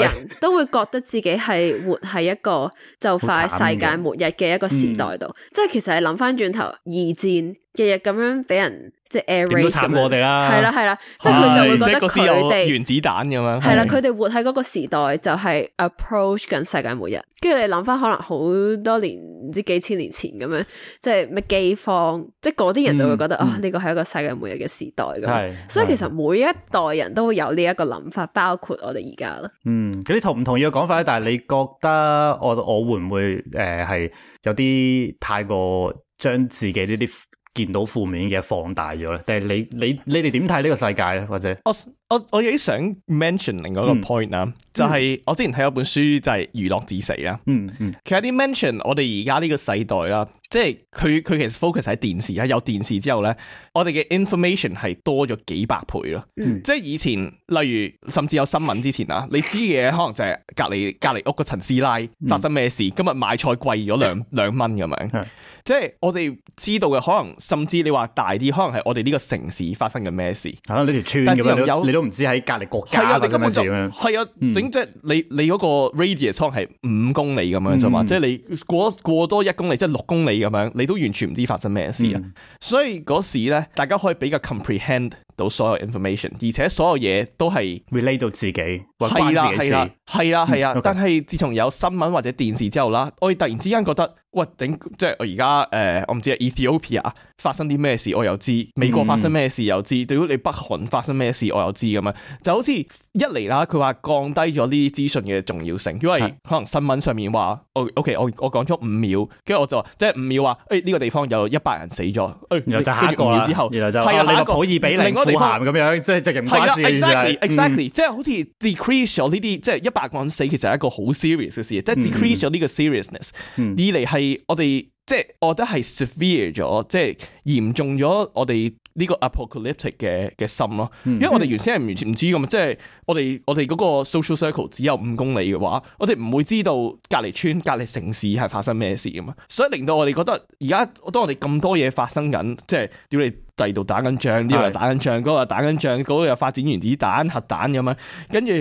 人都會覺得自己係活喺一個就快世界末日嘅一個時代度，嗯、即係其實係諗翻轉頭二戰日日咁樣畀人。即係 every 咁樣，係啦係啦，即係佢就會覺得佢哋原子彈咁樣。係啦，佢哋活喺嗰個時代就係 approach 緊世界末日。跟住的你諗翻，可能好多年唔知幾千年前咁樣，即係咩饑荒，即係嗰啲人就會覺得啊，呢個係一個世界末日嘅時代咁。係、嗯，所以其實每一代人都會有呢一個諗法，包括我哋而家咯。嗯，咁同唔同意嘅講法咧？但係你覺得我我會唔會誒係、呃、有啲太過將自己呢啲？見到負面嘅放大咗咧，但係你你你哋點睇呢個世界咧？或者？我我亦想 mention 另一個 point 啊、嗯，就係我之前睇咗本書，就係娛樂至死啊、嗯。嗯嗯，其實啲 mention 我哋而家呢個世代啦，即係佢佢其實 focus 喺電視啊。有電視之後咧，我哋嘅 information 係多咗幾百倍咯。嗯、即係以前，例如甚至有新聞之前啊，你知嘅可能就係隔籬隔籬屋嗰陳師奶發生咩事，嗯、今日買菜貴咗兩兩蚊咁樣。嗯、即係我哋知道嘅可能，甚至你話大啲，可能係我哋呢個城市發生緊咩事啊？呢條村都唔知喺隔籬國家係啊，你根本就係啊，頂，即係你你嗰個 radius 倉係五公里咁樣啫嘛，嗯、即係你過過多一公里，即係六公里咁樣，你都完全唔知發生咩事啊！嗯、所以嗰時咧，大家可以比較 comprehend。到所有 information，而且所有嘢都係 relate 到自己或班自己先，係啦係啊。但係自從有新聞或者電視之後啦，我突然之間覺得，喂頂，即係我而家誒，我唔知啊，Ethiopia 發生啲咩事，我又知美國發生咩事又知，對於你北韓發生咩事我又知咁樣。就好似一嚟啦，佢話降低咗呢啲資訊嘅重要性，因為可能新聞上面話，我 OK，我我講咗五秒，跟住我就話，即係五秒話，誒呢個地方有一百人死咗，誒，然後就下一個之後係啊，你話可以俾你。死鹹咁樣，即係直情唔關事，係啊，exactly，exactly，即係、嗯、好似 decrease 咗呢啲，即係一百個人死，其實係一個好 serious 嘅事，即、就、係、是、decrease 咗呢個 seriousness、嗯。二嚟係我哋，即係我覺得係 severe 咗，即、就、係、是、嚴重咗我哋呢個 apocalyptic 嘅嘅心咯。因為我哋原先係完全唔知㗎嘛，即係、嗯、我哋我哋嗰個 social circle 只有五公里嘅話，我哋唔會知道隔離村、隔離城市係發生咩事㗎嘛。所以令到我哋覺得而家，當我哋咁多嘢發生緊，即係叫你。喺度打緊仗，呢個打緊仗，嗰個打緊仗，嗰個又發展原子彈、核彈咁樣，跟住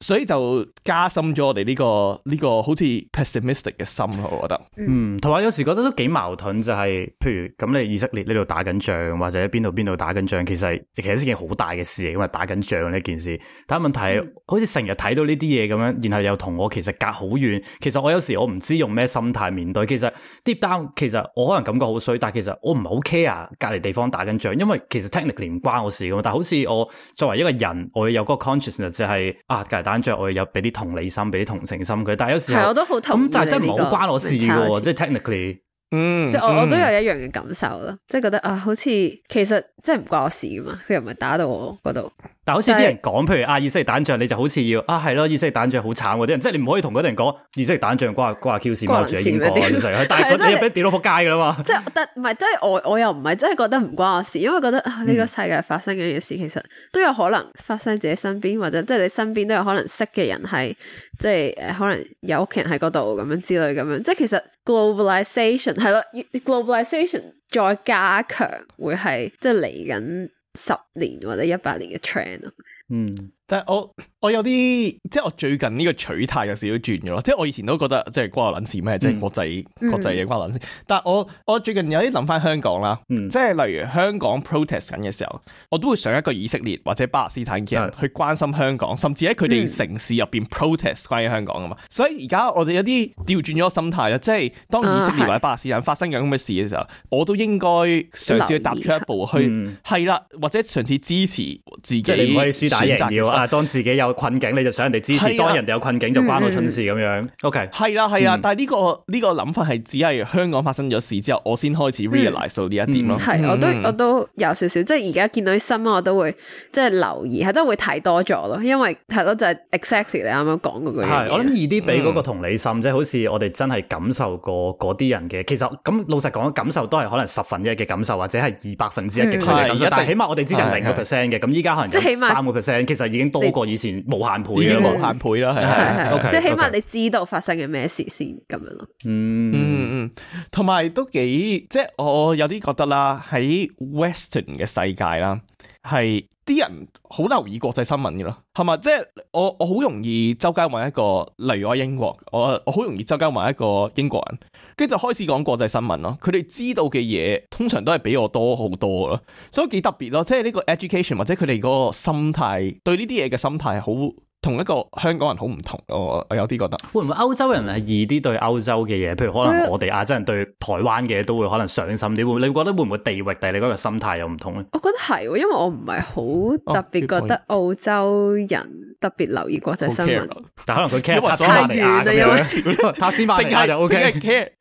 所以就加深咗我哋呢個呢個好似 pessimistic 嘅心咯，我覺得。嗯，同埋有時覺得都幾矛盾，就係譬如咁，你以色列呢度打緊仗，或者邊度邊度打緊仗，其實其實係一件好大嘅事嚟，咁啊打緊仗呢件事，但係問題好似成日睇到呢啲嘢咁樣，然後又同我其實隔好遠，其實我有時我唔知用咩心態面對，其實 deep down 其實我可能感覺好衰，但係其實我唔係好 care 隔籬地方打緊。因為其實 technically 唔關我事噶嘛，但係好似我作為一個人，我有嗰個 consciousness, 就係、是、啊，隔籬打緊仗，我有俾啲同理心，俾啲同情心佢。但係有時係我都好咁，但係真係唔係好關我事噶喎，即係 technically，嗯，嗯即係我，我都有一樣嘅感受咯，即係覺得啊，好似其實即係唔關我事㗎嘛，佢又唔係打到我嗰度。但好似啲人講，譬如啊，以色列打仗，你就好似要啊，係咯，以色列打仗好慘啲人，即係你唔可以同嗰啲人講以色列打仗關關我事嘛，就係咁講啦，咁所以，但係嗰啲嘢俾跌到撲街噶啦嘛。即係得唔係，即係我我又唔係，真係覺得唔關我事，因為覺得呢、啊這個世界發生緊嘅事，其實都有可能發生自己身邊或者即係你身邊都有可能識嘅人係，即係誒可能有屋企人喺嗰度咁樣之類咁樣，即係其實 globalization 係咯，globalization 再加強會係即係嚟緊。就是十年或者一百年嘅 trend 咯，嗯，但係我。我有啲即係我最近呢個取態有事都轉咗，即係我以前都覺得即係瓜卵事咩，即係國際、嗯、國際嘢瓜卵事。但係我我最近有啲諗翻香港啦，嗯、即係例如香港 protest 緊嘅時候，我都會想一個以色列或者巴勒斯坦嘅人去關心香港，嗯、甚至喺佢哋城市入邊 protest 關於香港噶嘛。嗯、所以而家我哋有啲調轉咗個心態啦，即係當以色列或者巴勒斯坦發生緊咁嘅事嘅時候，我都應該嘗試踏出一步去係啦、嗯，或者嘗試支持自己、嗯。當自己有。困境你就想人哋支持，啊、當人哋有困境就關我親事咁樣。嗯、OK，係啦係啊，啊嗯、但係、呢、呢個呢、呢個諗法係只係香港發生咗事之後，我先開始 realize 到呢一點咯。係、嗯，我都、啊、我都有少少，即係而家見到啲新聞我都會即係留意，係真係會睇多咗咯。因為睇多就係、係、exactly 你啱啱講嗰句。我諗易啲俾嗰個同理心即係，好似、嗯、我哋真係感受過嗰啲人嘅。其實咁、嗯、老實講，感受都係可能十分一嘅感受，或者係二百分之一嘅感受。嗯、是但係起碼我哋之前零個 percent 嘅，咁依家可能即係三個 percent，其實已經多過以前。無限倍嘅， 無限倍啦，係係，OK，即係起碼你知道發生嘅咩事先咁樣咯、嗯。嗯嗯嗯，同埋都幾，即係我有啲覺得啦，喺 Western 嘅世界啦。係啲人好留意國際新聞嘅咯，係嘛？即係我我好容易周街搵一個，例如我喺英國，我我好容易周街搵一個英國人，跟住就開始講國際新聞咯。佢哋知道嘅嘢通常都係比我多好多咯，所以幾特別咯。即係呢個 education 或者佢哋嗰個心態，對呢啲嘢嘅心態好。同一個香港人好唔同，我我有啲覺得會唔會歐洲人係易啲對歐洲嘅嘢，譬如可能我哋亞洲人對台灣嘅都會可能上心啲，你會你會覺得會唔會地域地？你嗰個心態有唔同咧？我覺得係，因為我唔係好特別覺得澳洲人特別留意國際新聞，但可能佢 care 咗下塔斯馬尼亞就 OK，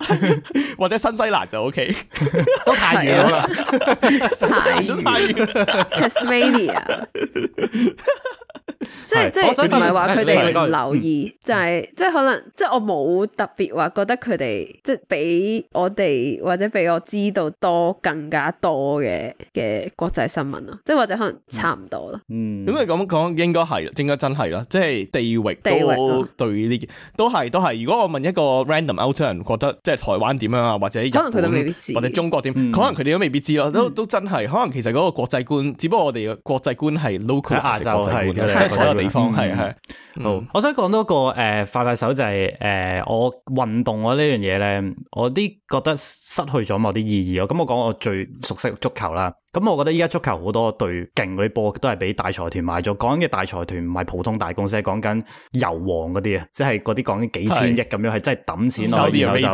或者新西蘭就 OK，都太遠啦，太遠，Tasmania。即係即係唔係話佢哋唔留意，就係即係可能即係我冇特別話覺得佢哋即係比我哋或者比我知道多更加多嘅嘅國際新聞咯，即係或者可能差唔多啦。嗯，咁你咁講應該係，應該真係啦，即係地域都對呢啲都係都係。如果我問一個 random out 人覺得即係台灣點樣啊？或者可能佢都未必知，或者中國點，可能佢哋都未必知咯。都都真係，可能其實嗰個國際觀，只不過我哋嘅國際觀係 local 亞洲。其他地方係係。的好。嗯、我想講多個誒、呃、快快手就係、是、誒、呃、我運動啊呢樣嘢咧，我啲覺得失去咗某啲意義咯。咁、嗯、我講我最熟悉足球啦。咁、嗯、我覺得依家足球好多隊勁嗰啲波都係俾大財團買咗。講緊嘅大財團唔係普通大公司，係講緊油王嗰啲啊，即係嗰啲講緊幾千億咁樣，係真係抌錢落，然後就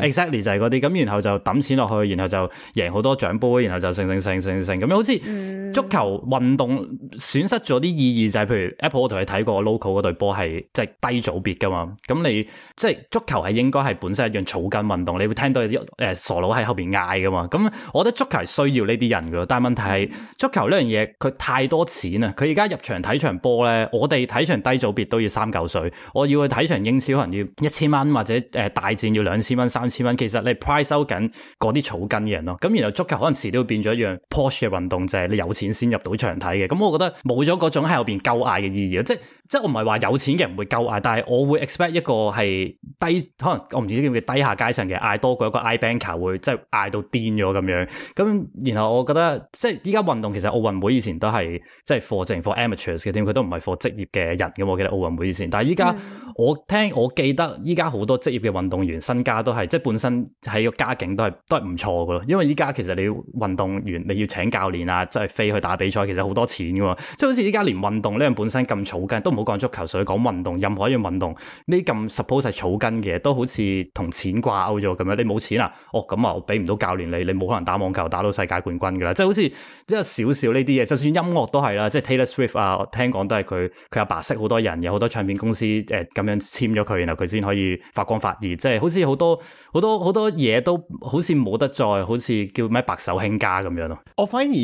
exactly 就係嗰啲咁，然後就抌錢落去，然後就贏好多獎杯，然後就成成成成成咁樣。好似足球運動損失咗啲意義，就係、是、譬如 Apple 我同你睇過 local 嗰隊波係即係低組別噶嘛。咁你即係、就是、足球係應該係本身一樣草根運動，你會聽到有啲誒傻佬喺後邊嗌噶嘛。咁我覺得足球係需要呢啲人噶。但係問題係足球呢樣嘢，佢太多錢啊！佢而家入場睇場波咧，我哋睇場低組別都要三嚿水，我要去睇場英超可能要一千蚊，或者誒大戰要兩千蚊、三千蚊。其實你 price 收緊嗰啲草根嘅人咯。咁然後足球可能時都會變咗一樣 posh 嘅運動，就係你有錢先入到場睇嘅。咁我覺得冇咗嗰種喺後邊鳩嗌嘅意義啊！即係即係我唔係話有錢嘅人唔會鳩嗌，但係我會 expect 一個係低，可能我唔知叫唔叫低下階層嘅嗌多過一個 i banker 會即係嗌到癲咗咁樣。咁然後我覺得。即係依家運動其實奧運會以前都係即係 for amateurs 嘅，添佢都唔係 for 職業嘅人嘅。我記得奧運會以前，但係依家我聽我記得依家好多職業嘅運動員身家都係即係本身喺個家境都係都係唔錯嘅咯。因為依家其實你要運動員你要請教練啊，即係飛去打比賽，其實好多錢嘅。即係好似依家連運動呢樣本身咁草根，都唔好講足球，所以講運動任何一樣運動呢咁 suppose 係草根嘅，都好似同錢掛鈎咗咁樣。你冇錢啊？哦咁啊，我俾唔到教練你，你冇可能打網球打到世界冠軍噶啦。即就好似即係少少呢啲嘢，就算音樂都係啦，即係 Taylor Swift 啊，我聽講都係佢，佢阿爸識好多人，有好多唱片公司誒咁樣簽咗佢，然後佢先可以發光發熱。即係好似好多好多好多嘢都好似冇得再，好似叫咩白手興家咁樣咯。我反而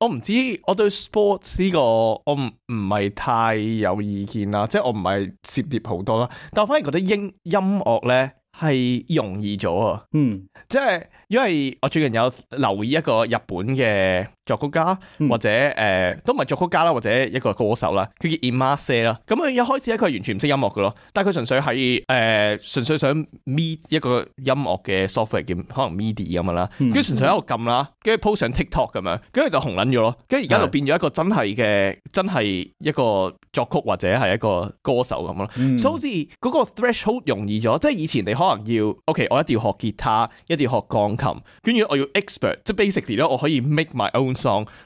我唔知，我對 sports 呢個我唔唔係太有意見啦，即係我唔係涉獵好多啦，但我反而覺得音音樂咧。係容易咗啊，嗯，即係因為我最近有留意一個日本嘅。作曲家、嗯、或者誒、呃、都唔係作曲家啦，或者一個歌手啦，佢叫 Imase 啦。咁佢一開始咧，佢係完全唔識音樂嘅咯，但係佢純粹係誒純粹想 meet 一個音樂嘅 software 叫可能 MIDI 咁樣啦，跟住純粹喺度撳啦，跟住 po 上 TikTok 咁樣，跟住就紅撚咗咯。跟住而家就變咗一個真係嘅是真係一個作曲或者係一個歌手咁咯。嗯、所以嗰個 threshold 容易咗，即係以前你可能要 OK，我一定要學吉他，一定要學鋼琴，跟住我要 expert，即係 basically 咧，我可以 make my own。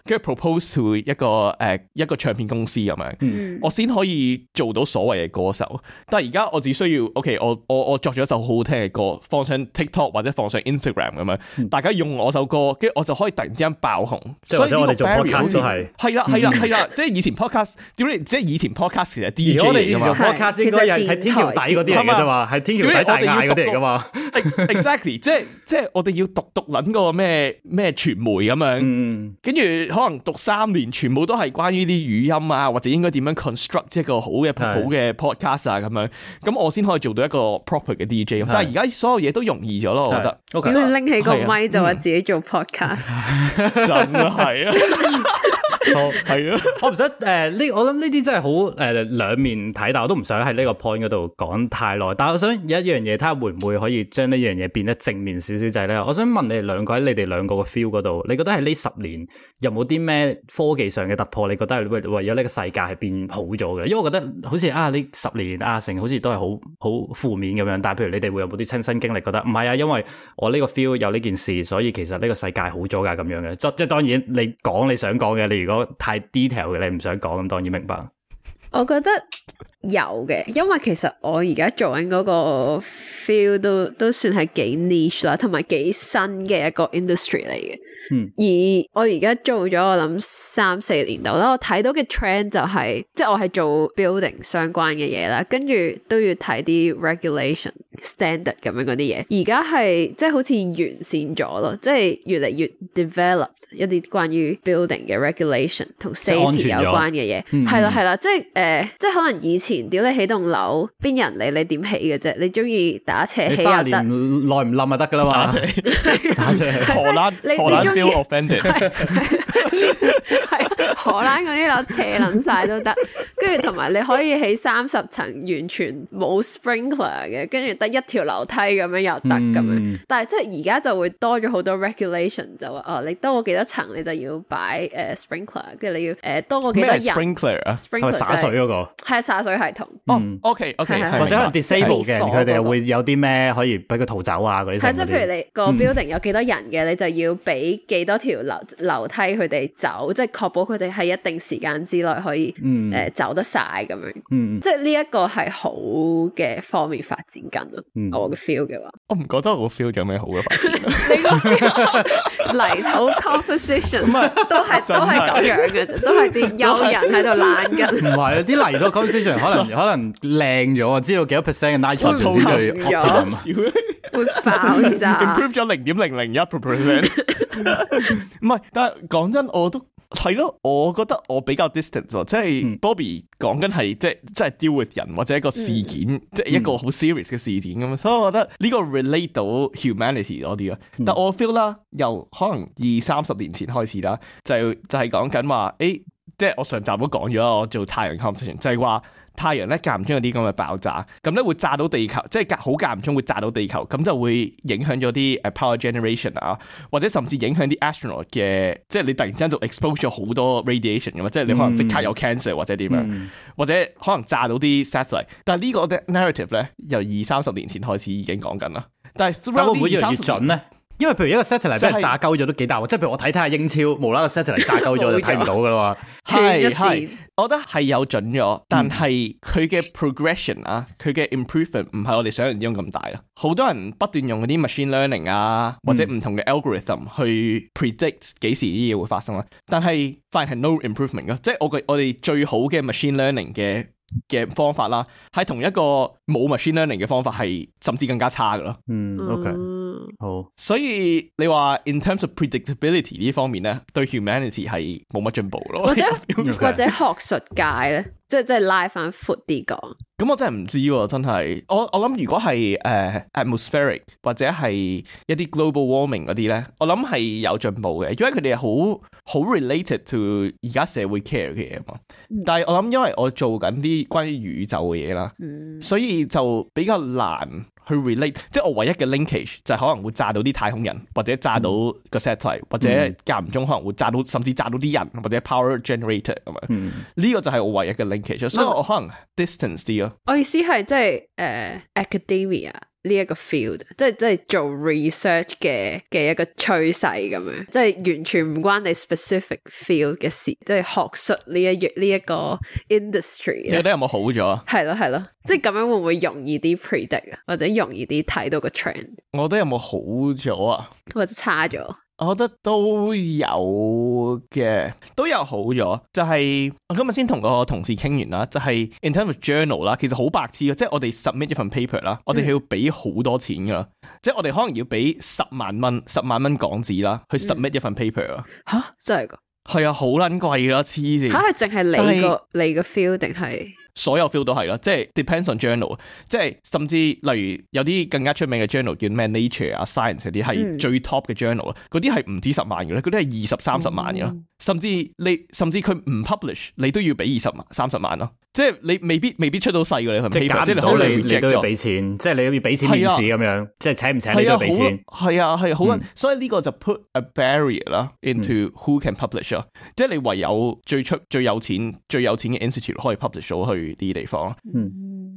跟住 propose to 一個誒一個唱片公司咁樣，company, 嗯、我先可以做到所謂嘅歌手。但係而家我只需要，OK，我我我作咗一首好好聽嘅歌，放上 TikTok 或者放上 Instagram 咁樣，大家用我首歌，跟住我就可以突然之間爆紅。是所以我哋做 podcast 係係啦係像啦係啦，即係、就是、以前 podcast 點解？ 即係以前 podcast 其實 DJ 嚟㗎嘛，podcast 應該係喺天橋底嗰啲嚟㗎嘛。係天橋底哋吧要嗰啲嚟㗎嘛。 Exactly，即係即係我哋要讀讀撚個咩咩傳媒咁樣。嗯跟住可能讀三年，全部都係關於啲語音啊，或者應該點樣 construct 一個好嘅好嘅 podcast 啊咁的樣，咁我先可以做到一個 proper 嘅 DJ 的。但係而家所有嘢都容易咗咯，我覺得。點解拎起個咪，就話自己做 podcast？真係啊！係咯、 呃，我唔想誒呢，我諗呢啲真係好誒兩面睇，但我都唔想喺呢個 point 嗰度講太耐。但係我想有一樣嘢，睇下會唔會可以將呢樣嘢變得正面少少就係咧？我想問你哋兩個喺你哋兩個嘅 feel 嗰度，你覺得喺呢十年有冇啲咩科技上嘅突破？你覺得為為咗呢個世界係變好咗嘅？因為我覺得好似啊呢十年阿、啊、成，好似都係好好負面咁樣。但係譬如你哋會有冇啲親身經歷，覺得唔係啊？因為我呢個 feel 有呢件事，所以其實呢個世界好咗噶咁樣嘅。即即係當然你講你想講嘅，你如果。太 detail 嘅，你唔想講咁，當然明白。我覺得。有嘅，因為其實我而家做緊嗰個 feel 都都算係幾 niche 啦，同埋幾新嘅一個 industry 嚟嘅。嗯，而我而家做咗我諗三四年度啦，我睇到嘅 trend 就係、是，即係我係做 building 相關嘅嘢啦，跟住都要睇啲 regulation standard 咁樣嗰啲嘢。而家係即係好似完善咗咯，即係越嚟越 developed 一啲關於 building 嘅 regulation 同 safety 有關嘅嘢。係、嗯、啦係啦，即係誒、呃，即係可能。以前屌你起棟樓，邊人理你點起嘅啫？你中意打斜起又得，耐唔冧就得㗎啦嘛？荷蘭，荷蘭 feel offended，係荷蘭嗰啲樓斜捻晒都得，跟住同埋你可以起三十層，完全冇 sprinkler 嘅，跟住得一條樓梯咁樣又得咁樣。嗯、但係即係而家就會多咗好多 regulation，就話哦，你多過幾多層你就要擺誒、uh, sprinkler，跟住你要誒、呃、多過幾多人 sprinkler 啊，係灑、就是、水嗰、嗰個係啊。灑水系統，哦，OK，OK，或者可能 disable 嘅，佢哋會有啲咩可以俾佢逃走啊嗰啲。即係，譬如你個 building 有幾多人嘅，你就要俾幾多條樓樓梯佢哋走，即係確保佢哋喺一定時間之內可以，誒走得晒咁樣。嗯，即係呢一個係好嘅方面發展緊咯。我嘅 feel 嘅話，我唔覺得我嘅 feel 有咩好嘅發展。泥土 composition 咁啊，都係都係咁樣嘅啫，都係啲友人喺度爛緊。唔係啊，啲泥土 composition 可能可能靚咗啊，知道幾多 percent 嘅 nitrogen 唔知對唔對啊？會爆炸？improve 咗零點零零一 percent。唔係，但係講真，我都。係咯，我覺得我比較 distance，c 即係 Bobby 講緊係即係即係 deal with 人或者一個事件，嗯、即係一個好 serious 嘅事件咁啊，嗯、所以我覺得呢個 relate 到 humanity 多啲咯。但我 feel 啦，由可能二三十年前開始啦，就是、就係講緊話，誒、欸，即係我上集都講咗，我做太陽 construction 就係話。太陽咧間唔中嗰啲咁嘅爆炸，咁咧會炸到地球，即係隔好間唔中會炸到地球，咁就會影響咗啲 power generation 啊，或者甚至影響啲 astronaut 嘅，即係你突然之間就 expose 咗好多 radiation 㗎嘛，即係你可能即刻有 cancer 或者點樣，或者可能炸到啲 satellite，但係呢個 narrative 咧，由二三十年前開始已經講緊啦，但係講會唔會越嚟越準咧年？因為譬如一個 satellite 俾人炸鳩咗都幾大喎，即係、就是、譬如我睇睇下英超無啦啦 satellite 炸鳩咗就睇唔到噶啦嘛，係係， 我覺得係有準咗，但係佢嘅 progression 啊，佢嘅 improvement 唔係我哋想象之中咁大咯。好多人不斷用嗰啲 machine learning 啊，或者唔同嘅 algorithm 去 predict 幾時啲嘢會發生啦，但係發現係 no improvement 咯，即、就、係、是、我我哋最好嘅 machine learning 嘅嘅方法啦，係同一個冇 machine learning 嘅方法係甚至更加差噶咯。嗯，OK。好，所以你話 in terms of predictability 呢方面咧，對 humanity 係冇乜進步咯，或者 或者學術界咧，即係即係拉翻闊啲講，咁、嗯、我真係唔知，真係我我諗如果係誒、uh, atmospheric 或者係一啲 global warming 嗰啲咧，我諗係有進步嘅，因為佢哋係好好 related to 而家社會 care 嘅嘢嘛。但係我諗，因為我做緊啲關於宇宙嘅嘢啦，嗯、所以就比較難。去 relate，即係我唯一嘅 linkage 就係可能會炸到啲太空人，或者炸到個 satellite，嗯、或者間唔中可能會炸到甚至炸到啲人，或者 power generator，咁樣、嗯？呢個就係我唯一嘅 linkage、嗯。所以我可能 distance 啲咯。我意思係即係誒、uh, academia。呢一個 field，即係即係做 research 嘅嘅一個趨勢咁樣，即係完全唔關你 specific field 嘅事，即係學術呢一呢一個 industry。你覺得有冇好咗啊？係咯係咯，即係咁樣會唔會容易啲 predict，或者容易啲睇到個 trend？我覺得有冇好咗啊？或者差咗？我覺得都有嘅，都有好咗。就係、是、我今日先同個同事傾完啦，就係 Internet Journal 啦。其實好白痴嘅，即係我哋 submit 一份 paper 啦、嗯，我哋係要俾好多錢噶，即係我哋可能要俾十萬蚊、十萬蚊港紙啦去 submit 一份 paper、嗯、啊！吓？真係㗎？係啊，好撚貴噶啦，黐線吓，係淨係你個是你個 feel 定係所有 feel 都係啦，即係 depends on journal，即係甚至例如有啲更加出名嘅 journal 叫咩 Nature 啊 Science 嗰啲係最 top 嘅 journal 啊、嗯，嗰啲係唔止十萬嘅咧，嗰啲係二十三十萬嘅咯、嗯，甚至你甚至佢唔 publish 你都要俾二十萬三十萬咯。即係你未必未必出到世嘅，你佢，咪？即唔到你，了你都要俾錢，即係你要俾錢，啊、面試咁樣，啊、即係請唔請你都要俾錢。係啊，係啊，好啊，啊嗯、所以呢個就 put a barrier 啦，into who can publish 咯。嗯、即係你唯有最出最有錢，最有錢嘅 institute 可以 publish 到去啲地方。嗯。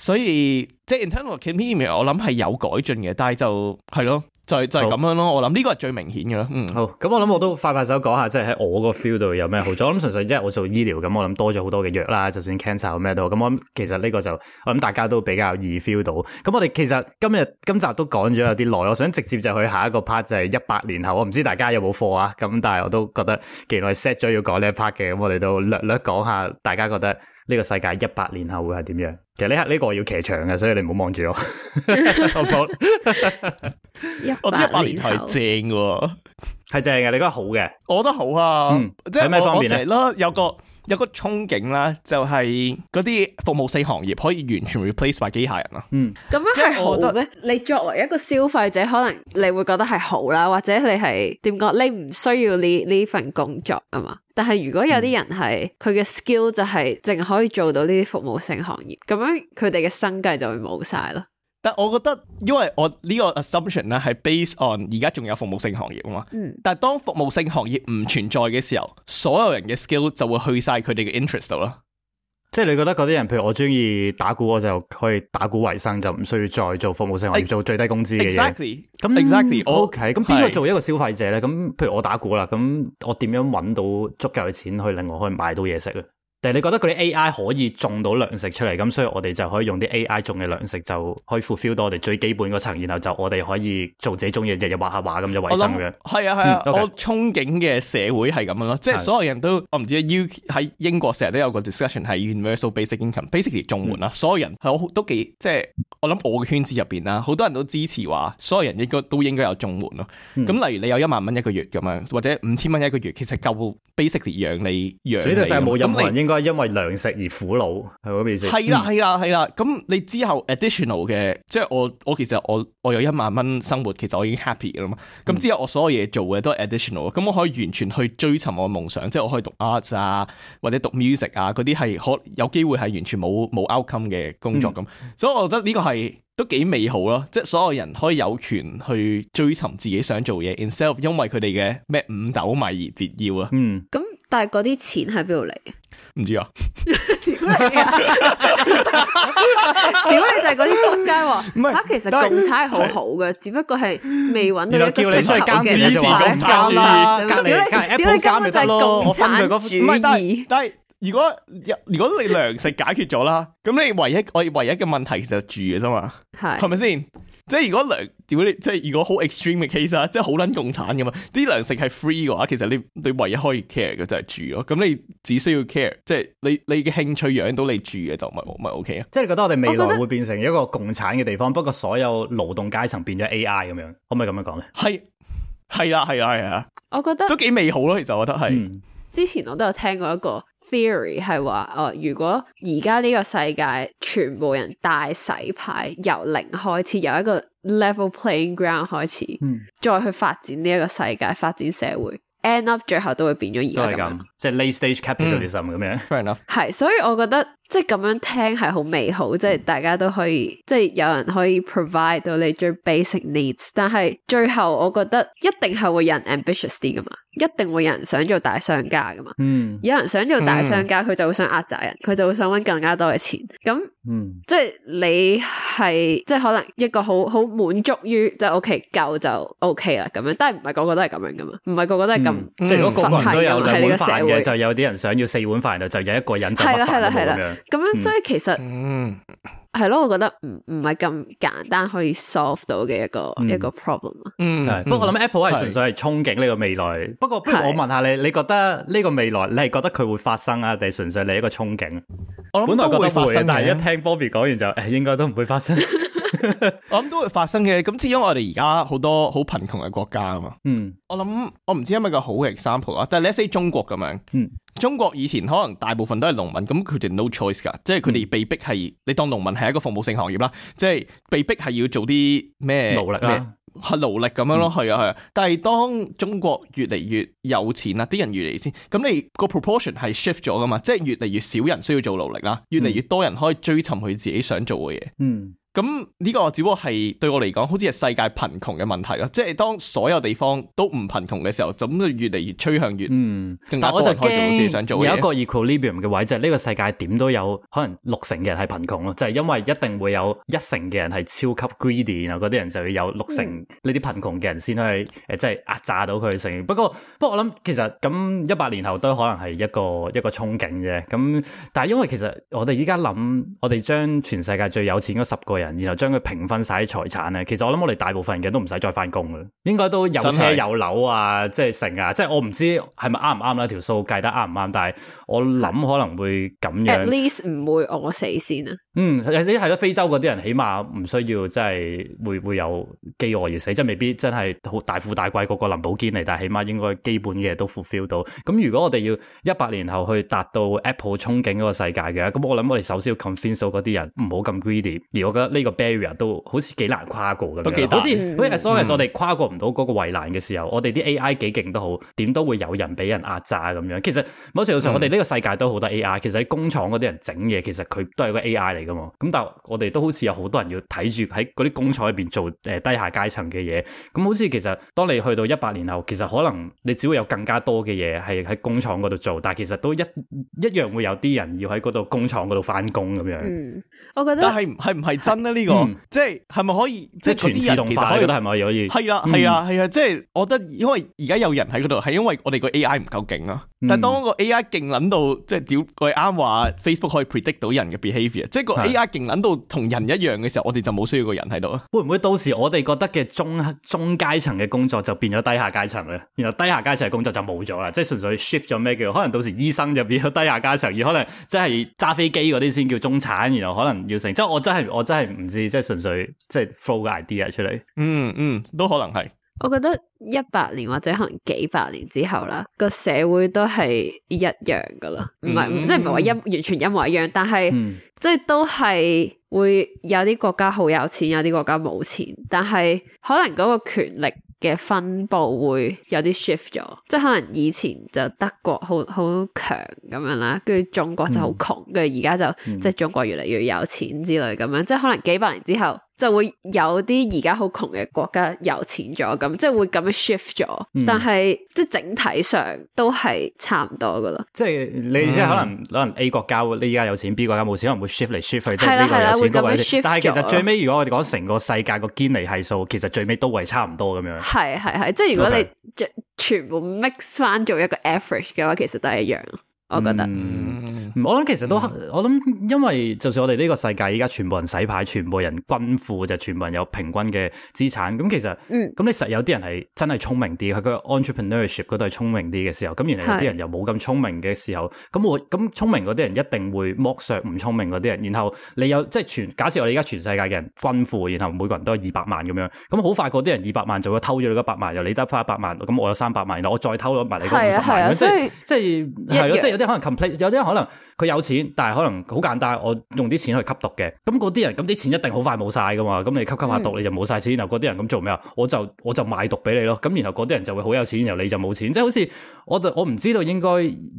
所以即係 internal company 我諗係有改進嘅，但係就係咯，就係、是、就係、是、咁樣咯。好我諗呢個係最明顯嘅咯。嗯，好。咁我諗我都快快手講下，即係喺我個 feel 度有咩好轉。我諗純粹因為我做醫療，咁我諗多咗好多嘅藥啦，就算 cancer 咩都。咁我諗其實呢個就我諗大家都比較易 feel 到。咁我哋其實今日今集都講咗有啲耐，我想直接就去下一個 part，就係一百年後。我唔知大家有冇貨啊？咁但係我都覺得既然我 set 咗要講呢一 part 嘅，咁我哋都略略講下，大家覺得。呢個世界一百年後會係點樣？其實呢刻呢個要騎場嘅，所以你唔好望住我。我 一百年後係正嘅，係正嘅，你覺得好嘅？我覺得好啊，即係咩方面咧？有個。有個憧憬啦，就係嗰啲服務性行業可以完全 replace by 機械人啊。嗯，咁樣係好咩？你作為一個消費者，可能你會覺得係好啦，或者你係點講？你唔需要呢呢份工作啊嘛。但係如果有啲人係佢嘅 skill 就係淨可以做到呢啲服務性行業，咁樣佢哋嘅生計就會冇晒咯。但我覺得，因為我呢個 assumption 咧係 based on 而家仲有服務性行業啊嘛。嗯、但係當服務性行業唔存在嘅時候，所有人嘅 skill 就會去晒佢哋嘅 interest 度啦。即係你覺得嗰啲人，譬如我中意打鼓，我就可以打鼓為生，就唔需要再做服務性行業，欸、做最低工資嘅嘢。Exactly 咁，Exactly，OK 那。咁邊個做一個消費者咧？咁，是譬如我打鼓啦，咁我點樣搵到足夠嘅錢去令我可以買到嘢食啊？但係你覺得嗰啲 AI 可以種到糧食出嚟，咁所以我哋就可以用啲 AI 種嘅糧食就可以 fulfill 到我哋最基本嗰層，然後就我哋可以做自己中意，日日畫下畫咁就為生嘅。係啊係啊，啊嗯 okay。我憧憬嘅社會係咁樣咯，即係所有人都我唔知喺英國成日都有個 discussion 係 universal basic income，basically 綜援啦，嗯、所有人係我都幾即係我諗我嘅圈子入邊啦，好多人都支持話所有人應該都應該有綜援咯。咁、嗯、例如你有一萬蚊一個月咁樣，或者五千蚊一個月，其實夠 basically 養你養你咁你。都係因為糧食而苦惱，係咪？嗰個意思。係啦，係 啦，係啦、啊。咁、啊啊、你之後 additional 嘅，即係我我其實我我有一萬蚊生活，其實我已經 happy 噶啦嘛。咁之後我所有嘢做嘅都係 additional，咁我可以完全去追尋我嘅夢想，即係我可以讀 arts 啊，或者讀 music 啊，嗰啲係可有機會係完全冇冇 outcome 嘅工作咁。 所以我覺得呢個係都幾美好咯，即係所有人可以有權去追尋自己想做嘢 instead 因為佢哋嘅咩五斗米而折腰啊。 嗯。咁但係嗰啲錢喺邊度嚟？唔知啊？屌你啊？屌你就係嗰啲撲街喎。吓，其實共產係好好嘅，只不過係未揾到啲食。叫你出監嘅就話監咯。屌你屌你監咪就係共產主義。唔係，但係如果如果你糧食解決咗啦，咁你唯一我唯一嘅問題其實住嘅啫嘛，係係咪先？即係如果糧如果你即係如果好 extreme 嘅 case 啊，即係好捻共產咁嘛。啲糧食係 free 嘅話，其實你你唯一可以 care 嘅就係住咯。咁你只需要 care，即係你你嘅興趣養到你住嘅就唔係唔係 OK 啊。即係你覺得我哋未來會變成一個共產嘅地方，不過所有勞動階層變咗 AI 咁樣，可唔可以咁樣講咧？係係啦係啦係啊，我覺得都幾美好咯，其實我覺得係。嗯之前我都有聽過一個 theory 係話，哦、呃，如果而家呢個世界全部人大洗牌，由零開始，由一個 level playing ground 開始，嗯、再去發展呢一個世界，發展社會，end up 最後都會變咗而家咁。都係咁，即係 late stage capitalism 咁樣。Fair enough。係，所以我覺得。即係咁樣聽係好美好，即係大家都可以，嗯、即係有人可以 provide 到你最 basic needs。但係最後我覺得一定係會有人 ambitious 啲噶嘛，一定會有人想做大商家噶嘛。嗯，有人想做大商家，佢、嗯、就會想壓榨人，佢就會想搵更加多嘅錢。咁、嗯，即係你係即係可能一個好好滿足於即係 OK 夠就 OK 啦咁樣，但係唔係個個都係咁樣噶嘛，唔係個個都係咁。嗯嗯、即係個個個人都有兩碗飯嘅，喺呢個社會，就有啲人想要四碗飯就有一個引就發糖咁樣。咁樣，所以其實係咯、嗯，我覺得唔唔係咁簡單可以 solve 到嘅一個、嗯、一個 problem 嗯，嗯，不過我諗 Apple 係純粹係憧憬呢個未來。的不過，不如我問下你，你覺得呢個未來，你係覺得佢會發生啊，定純粹你一個憧憬？我諗本來都會發生，但係一聽 Bobbi 講完就，誒，應該都唔會發生。 我諗都會發生嘅，咁始終我哋而家好多好貧窮嘅國家啊嘛。嗯，我諗我唔知係咪個好嘅 example 啊，但係你睇中國咁樣，嗯，中國以前可能大部分都係農民，咁佢哋 no choice 噶，即係佢哋被逼係、嗯、你當農民係一個服務性行業啦，即係被逼係要做啲咩勞力啊，係勞力咁樣咯，係啊係啊。但係當中國越嚟越有錢啦，啲人越嚟先，咁你個 proportion 係 shift 咗噶嘛，即係越嚟越少人需要做勞力啦，越嚟越，越多人可以追尋佢自，自己想做嘅嘢。嗯。嗯咁呢個只不過係對我嚟講，好似係世界貧窮嘅問題咯，即係當所有地方都唔貧窮嘅時候，就咁越嚟越趨向越，嗯，但係我就驚有一個 equilibrium 嘅位，就係呢個世界點都有可能六成嘅人係貧窮咯，就係因為一定會有一成嘅人係超級 greedy，然後嗰啲人就會有六成呢啲貧窮嘅人先可以誒，即係壓榨到佢成。不過不過我諗其實咁一百年後都可能係一個一個憧憬啫。咁但係因為其實我哋依家諗，我哋將全世界最有錢嗰十個然後將佢平分晒啲財產咧，其實我諗我哋大部分人嘅都唔使再翻工啦，應該都有車有樓啊，即係成啊！即係我唔知係咪啱唔啱啦，條、這個、數計得啱唔啱？但係我諗可能會咁樣，at least 唔會我死先啊！嗯，有啲係咯，非洲嗰啲人起碼唔需要真係會會有飢餓而死，即係未必真係好大富大貴個個林寶堅尼，但係起碼應該基本嘅嘢都 fulfill 到。咁如果我哋要一百年後去達到 Apple 憧憬嗰個世界嘅，咁我諗我哋首先要 convince 到嗰啲人唔好咁 greedy。而我覺得呢個 barrier 都好似幾難跨過咁，好似好似 as long as 我哋跨過唔到嗰個圍欄嘅時候，我哋啲 AI 幾勁都好，點都會有人俾人壓榨咁樣。其實某程度上，我哋呢個世界都好多 AI。其實喺工廠嗰啲人整嘢，其實佢都係個 AI 嘅嘛，咁但係我哋都好似有好多人要睇住喺嗰啲工廠入邊做誒低下階層嘅嘢，咁好似其實當你去到一百年後，其實可能你只會有更加多嘅嘢係喺工廠嗰度做，但係其實都一一樣會有啲人要喺嗰度工廠嗰度翻工咁樣。我覺得但係係唔係真啊？呢個、嗯、即係係咪可以即係全自動化嗰度係咪可以？係啊，係啊，係啊！即係我覺得因為而家有人喺嗰度，係因為我哋個 A I 唔夠勁啊。嗯、但係當個 A I 勁捻到即係屌，佢啱話 Facebook 可以 predict 到人嘅 behavior，即個 A. I. 勁諗到同人一樣嘅時候，我哋就冇需要個人喺度啦。會唔會到時我哋覺得嘅中中階層嘅工作就變咗低下階層咧？然後低下階層嘅工作就冇咗啦，即係純粹 shift 咗咩叫？可能到時醫生就變咗低下階層，而可能即係揸飛機嗰啲先叫中產，然後可能要成，即係我真係我真係唔知，即係純粹即係 throw 個 idea 出嚟。嗯嗯，都可能係。我覺得一百年或者可能幾百年之後啦，個社會都係一樣噶啦，唔係、mm hmm. 即係唔係話一完全一模一樣，但係、mm hmm. 即係都係會有啲國家好有錢，有啲國家冇錢，但係可能嗰個權力嘅分布會有啲 shift 咗，即係可能以前就德國好好強咁樣啦，跟住中國就好窮，跟住而家就即係中國越嚟越有錢之類咁樣，即係可能幾百年之後。就會有啲而家好窮嘅國家有錢咗，咁即係會咁樣 shift 咗。嗯、但係即係整體上都係差唔多噶咯。即係你即係可能、嗯、可能 A 國家你依家有錢，B 國家冇錢，可能會 shift 嚟 shift 去，即係呢個有錢嗰位。但係其實最尾如果我哋講成個世界個堅尼係數，其實最尾都係差唔多咁樣。係係係，即係如果你 Okay. 全部 mix 翻做一個 average 嘅話，其實都係一樣。我覺得、嗯、我諗其實都，我諗因為就算我哋呢個世界依家全部人洗牌，全部人均富，就全部人有平均嘅資產。咁、嗯、其實，咁你實有啲人係真係聰明啲，喺佢 entrepreneurship 嗰度係聰明啲嘅時候。咁原嚟有啲人又冇咁聰明嘅時候，咁是我咁聰明嗰啲人一定會剝削唔聰明嗰啲人。然後你有即係全，假設我哋而家全世界嘅人均富，然後每個人都有二百萬咁樣，咁、嗯、好快嗰啲人二百萬就會偷咗你一百萬，又你得翻一百萬，咁我有三百萬，然後我再偷咗埋你嗰五十萬。係係、啊啊、所以即係係咯，一月 即係。即係可能 complete，有啲人可能佢有錢，但係可能好簡單。我用啲錢去吸毒嘅，咁嗰啲人咁啲錢一定好快冇晒噶嘛。咁你吸吸下毒，你就冇晒錢、嗯然。然後嗰啲人咁做咩啊？我就我就賣毒俾你咯。咁然後嗰啲人就會好有錢，然後你就冇錢。即係好似我我唔知道應該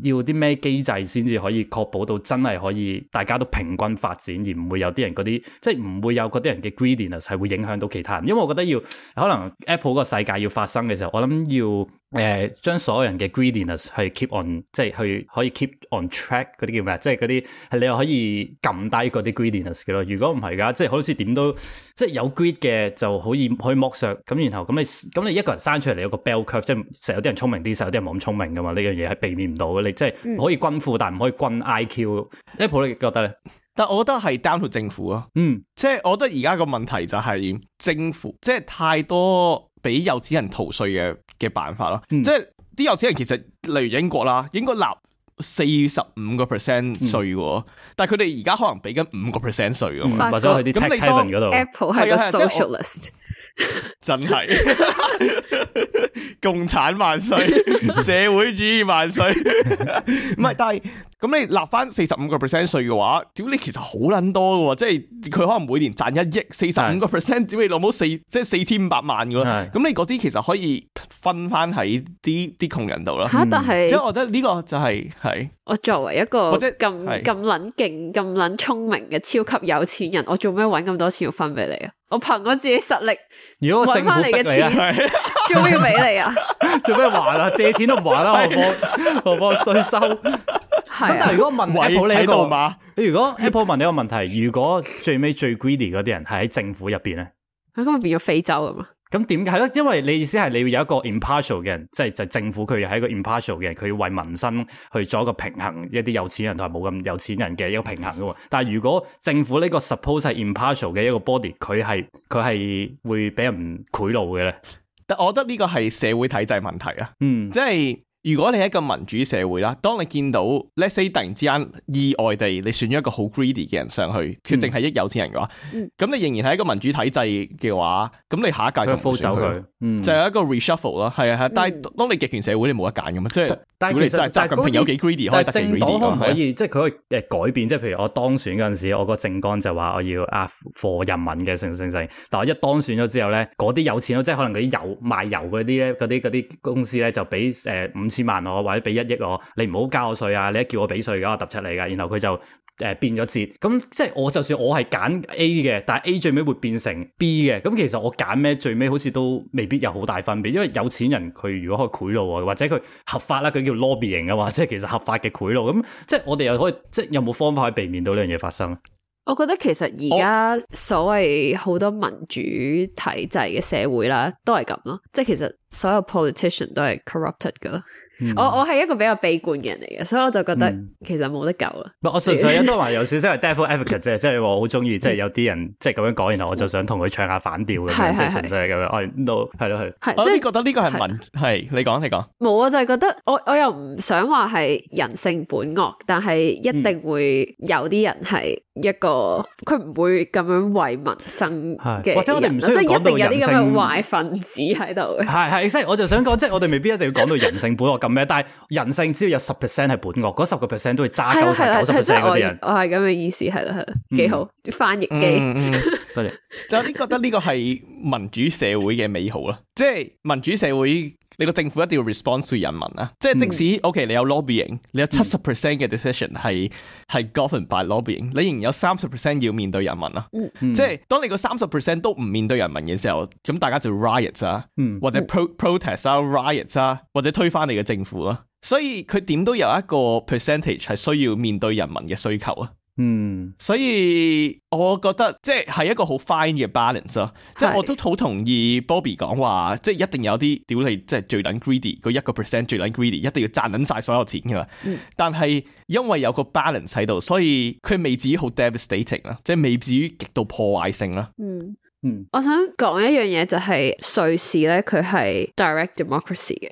要啲咩機制先至可以確保到真係可以大家都平均發展，而唔會有啲人嗰啲即係唔會有嗰啲人嘅 greediness 係會影響到其他人。因為我覺得要可能 Apple 個世界要發生嘅時候，我諗要。誒，將、呃、所有人嘅 greediness 去 keep on，即係去可以 keep on track 嗰啲叫咩？即係嗰啲係你又可以撳低嗰啲 greediness 嘅咯。如果唔係噶，即係好似點都，即係有 greed 嘅就可以可以剝削。咁然後咁你咁你一個人生出嚟你有個 bell curve，即係成日有啲人聰明啲，成日有啲人冇咁聰明噶嘛。呢樣嘢係避免唔到嘅。你即係可以均富，但唔可以均 IQ。Apple 你覺得咧？但我覺得係 down 到政府啊。嗯，即係我覺得而家個問題就係政府，即係太多。俾有錢人逃稅嘅嘅辦法咯，嗯、即係啲有錢人其實，例如英國啦，應該納四十五個 percent 稅，嗯、但係佢哋而家可能俾緊五個 percent 稅咁嘛，或者喺啲 tech heaven 嗰度，Apple 係個 socialist， 真係的 共產萬歲，社會主義萬歲，唔 係，但係。咁你立翻四十五個 percent 稅嘅話，屌你其實好捻多嘅喎，即係佢可能每年賺一億，四十五個 percent，屌你老母四，即係四千五百萬嘅咯。咁你嗰啲其實可以分翻喺啲啲窮人度啦。吓，但係即係我覺得呢個就係係我作為一個即係咁咁捻勁、咁捻聰明嘅超級有錢人，我做咩揾咁多錢要分俾你啊？我憑我自己實力如果我整翻你嘅錢，做咩要俾你啊？做咩還啊？借錢都唔還啦，我我我稅收。咁但係如果問 Apple 你一個嘛？如果 Apple 問你一個問題，如果最尾最 greedy 嗰啲人係喺政府入邊咧，咁入 變咗非洲咁嘛。咁點解係咧？因為你意思係你要有一個 impartial 嘅人，即係就係、政府佢又係一個 impartial 嘅人，佢為民生去做一個平衡，一啲有錢人同埋冇咁有錢人嘅一個平衡噶嘛？但係如果政府呢個 suppose 係 impartial 嘅一個 body，佢係佢係會俾人賄賂嘅咧？但我覺得呢個係社會體制問題啊，嗯，即係。如果你係一個民主社會啦，當你見到 let's say 突然之間意外地你選咗一個好 greedy 嘅人上去，決定係一有錢人嘅話，咁、嗯、你仍然係一個民主體制嘅話，咁你下一屆、嗯、就 f 撲走佢，就係一個 reshuffle 咯，係啊係。但係當你極權社會，你冇得揀嘅嘛，嗯、即係但係其實咁、嗰個有幾 greedy 可以變成可，可以的即係佢可以誒改變，即係譬如我當選嗰陣時，我個政綱就話我要阿貨人民嘅成成成，但係我一當選咗之後咧，嗰啲有錢咯，即係可能嗰啲有賣油嗰啲咧，嗰啲啲公司咧就俾誒五。呃呃千萬我或者俾一億我，你唔好交我稅啊！你一叫我俾稅，我揼出嚟噶。然後佢就誒變咗折，咁即係我就算我係揀 A 嘅，但係 A 最尾會變成 B 嘅。咁其實我揀咩最尾好似都未必有好大分別。因為有錢人佢如果可以賄賂啊，或者佢合法啦，佢叫 lobbying 啊，或者其實合法嘅賄賂。咁即係我哋又可以，即係有冇方法可以避免到呢樣嘢發生？我覺得其實而家所謂好多民主體制嘅社會啦，都係咁咯。即係其實所有 politician 都係 corrupted 噶。我我係一個比較悲觀嘅人嚟嘅，所以我就覺得其實冇得救啊。嗯、 我純粹應該話有少少係 devil advocate 啫，即係 我好中意，即係有啲人即係咁樣講，然後我就想同佢唱下反調嘅，即係純粹咁樣。哎，no，係咯係。係是，即係覺得呢個係民，係是你講你講。冇啊，我就係覺得我我又唔想話係人性本惡，但係一定會有啲人係一個佢唔會咁樣為民生嘅，或者我哋唔想即係一定有啲咁嘅壞分子喺度。係係， 即係我就想講，即、就、係、是、我哋未必一定要講到人性本惡咁。咩？但係人性，只要有十 percent 係本惡，嗰十個 percent 都會揸鳩晒九十 percent 嗰啲人。我係咁嘅意思，係啦，係啦，幾好啲翻譯機。 就你覺得呢個係民主社會嘅美好啦，即係民主社會，你個政府一定要 respond 住人民啊！即係即使、嗯、OK，你有 lobbying，你有七十 percent 嘅 decision 係係、嗯、govern by lobbying，你仍然有三十 percent 要面對人民啊。嗯、即係當你個三十 percent 都唔面對人民嘅時候，咁大家就 riot 啊，嗯、或者 pro protest 啊，riot 啊，或者推翻你嘅政府啊。所以佢點都有一個 percentage 係需要面對人民嘅需求啊。嗯，所以我覺得即係一個好 fine 嘅 balance 咯、啊，是即係我都好同意 Bobby 講話，即係一定有啲屌你，即係最捻 greedy，佢一個 percent 最捻 greedy，一定要賺捻晒所有錢噶，嗯、但係因為有個 balance 喺度，所以佢未至於好 devastating 啦，即係未至於極度破壞性啦。嗯。嗯，我想講一樣嘢，就係瑞士咧，佢係 direct democracy 嘅，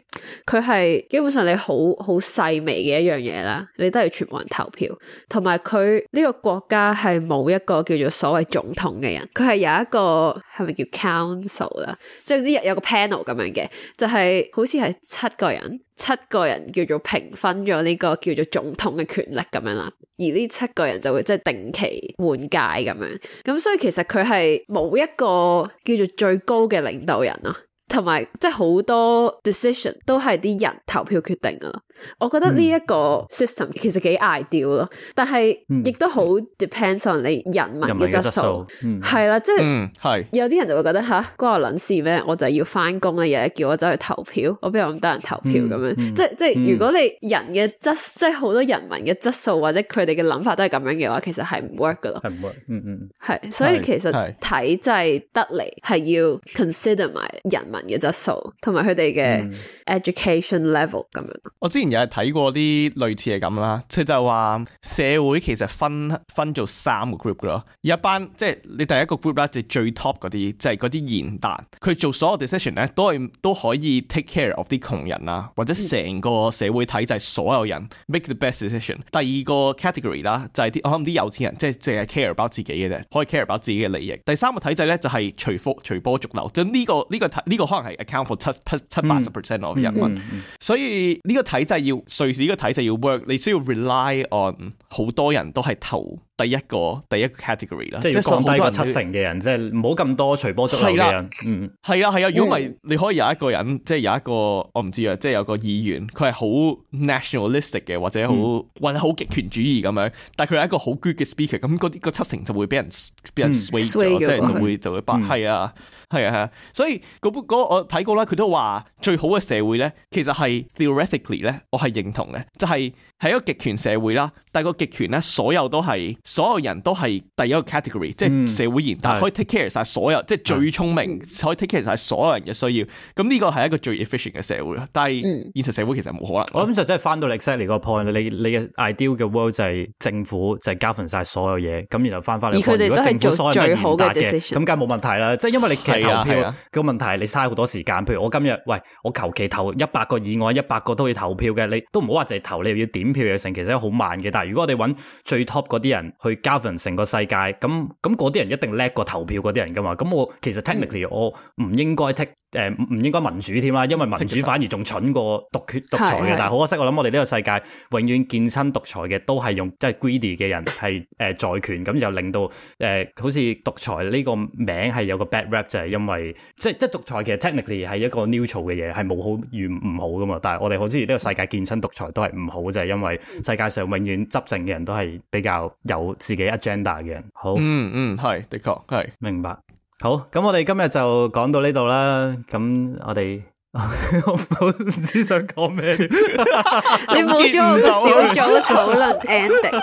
佢係基本上你好好細微嘅一樣嘢啦，你都係全部人投票，同埋佢呢個國家係冇一個叫做所謂總統嘅人，佢係有一個係咪叫 Council 啦，即係之有有個 panel 咁樣嘅，就係好似係七個人。七個人叫做平分咗呢個叫做總統嘅權力咁樣啦，而呢七個人就會即係定期換屆咁樣咁，所以其實佢係冇一個叫做最高嘅領導人咯，同埋即係好多 decision 都係啲人投票決定噶啦。我覺得呢一個 system、嗯、其實幾 ideal 咯，但係亦都好 depends on 你人民嘅質素，係啦、嗯，即係，係、嗯、有啲人就會覺得吓關我卵事咩？我就要翻工啊，日日叫我走去投票，我邊有咁多人投票咁、嗯、樣？嗯、即係即係，如果你人嘅質，嗯、即係好多人民嘅質素或者佢哋嘅諗法都係咁樣嘅話，其實係唔 work 噶咯，係唔 work，嗯嗯，係，所以其實體制得嚟係要 consider 埋人民嘅質素，同埋佢哋嘅 education level 咁樣。我又係睇過啲類似係咁啦，即係就係、是、話社會其實分分做三個 group 咯，咯。一班即係、就是、你第一個 group 啦，就係、是、最 top 啲，即係啲賢達，佢做所有 decision 咧都係都可以 take care of 啲窮人啊，或者成個社會體制所有人 make the best decision。第二個 category 啦就係、是、啲可能啲有錢人，即係淨係 care about 自己嘅啫，可以 care about 自己嘅利益。第三個體制咧就係、是、隨風隨波逐流，即係呢個呢、呢個呢、呢個呢個可能係 account for 七七八十 percent of 人民。嗯嗯嗯、所以呢個體制。要瑞士個體制要 work，你需要 rely on 好多人都係投。第一個第一個 category 啦，即係降低個七成嘅人，即係唔好咁多隨波逐流嘅人。的嗯，係啦，係啊。如果唔係，你可以有一個人，即係有一個我唔知啊，即係有個議員，佢係好 nationalistic 嘅，或者好、嗯、或者好極權主義咁樣。但係佢係一個好 good 嘅 speaker，咁嗰啲個七成就會俾人俾人 sway 咗，即係、嗯、就，就會的就會擺，係啊係啊係啊。所以嗰本我睇過啦，佢都話最好嘅社會咧，其實係 theoretically 咧，我係認同嘅，就係、是、係一個極權社會啦。但係個極權咧，所有都係。所有人都係第一個 category，即係社會賢達，可以 take care 晒所有，即係最聰明，可以 take care 晒所有人嘅需要。咁呢個係一個最 efficient 嘅社會，但係現實社會其實冇可能。我諗就真係翻到你 exactly 個 point，你你嘅 ideal 嘅 world 就係政府就係 cover 曬所有嘢，咁然後翻翻嚟。如果政府衰，你亂打嘅，咁梗係冇問題啦。即係因為你其實投票嘅問題係你嘥好多時間。譬如我今日喂，我求其投一百個以外，一百個都可以投票嘅，你都唔好話淨係投，你又要點票嘅成，其實好慢嘅。但係如果我哋揾最 top 嗰啲人。去 govern 成個世界，咁咁嗰啲人一定叻過投票嗰啲人噶嘛？咁我其實 technically 我唔應該 take，誒唔應該民主添啦，因為民主反而仲蠢過獨決獨裁嘅。但係好可惜，我諗我哋呢個世界永遠見親獨裁嘅都係用即係 greedy 嘅人係誒在權，咁就令到誒好似獨裁呢個名係有個 bad rap 就係因為即係即係獨裁其實 technically 係一個 neutral 嘅嘢，係冇好與唔好噶嘛。但係我哋好似呢個世界見親獨裁都係唔好，就係因為世界上永遠執政嘅人都係比較有。自己 agenda 嘅人，好，嗯嗯，係、嗯，的確係，明白，好，咁我哋今日就講到呢度啦，咁我哋。 我唔知想講咩， 你冇咗我個小組討論 ending，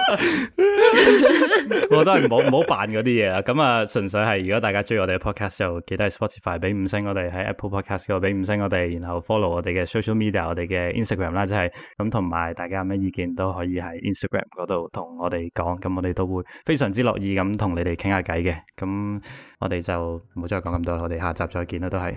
我都係唔好唔好扮嗰啲嘢啦。咁啊，純粹係如果大家追我哋嘅 podcast 就記得喺 Spotify 畀五星我哋，喺 Apple Podcast 度畀五星我哋，然後 follow 我哋嘅 social media，我哋嘅 Instagram 啦，即係咁同埋大家有咩意見都可以喺 Instagram 嗰度同我哋講，咁我哋都會非常之樂意咁同你哋傾下偈嘅。咁我哋就唔好再講咁多啦，我哋下集再見啦，都係。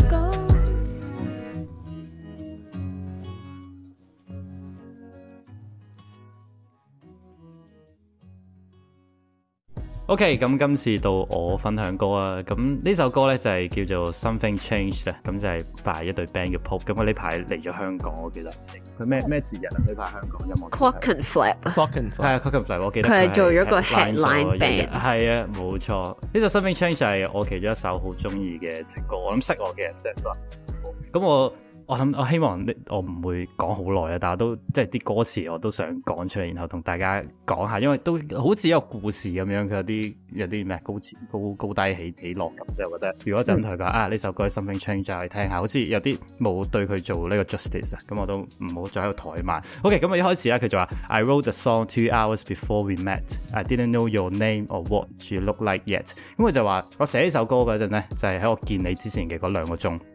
O K，咁今次到我分享歌啊，咁呢首歌咧就係叫做 Something Changed 咧，咁就係 by 一對 band 嘅 Pulp，咁我呢排嚟咗香港，我記得佢咩咩節日啊，呢排香港音樂 Clockenflap，係啊，Clockenflap，我記得佢係做咗個 headline band，係啊，冇錯，呢首 Something Changed 就係我其中一首好中意嘅情歌，我諗識我嘅人即係都，咁我。我諗我希望我唔會講好耐啊，但係都即係啲歌詞我都想講出嚟，然後同大家講下，因為都好似一個故事咁樣，佢有啲有啲咩高高低起起落咁，即係覺得如果真係嘅啊呢首歌 Something Changed、啊、聽下好似有啲冇對佢做呢個 justice，咁、啊、我都唔好再喺度怠慢。OK，咁、啊、我、嗯嗯、一開始咧佢就話 I wrote the song two hours before we met，I didn't know your name or what you look like yet，因、嗯、佢、嗯、就話我寫呢首歌嗰陣咧就係、是、喺我見你之前嘅嗰兩個鐘。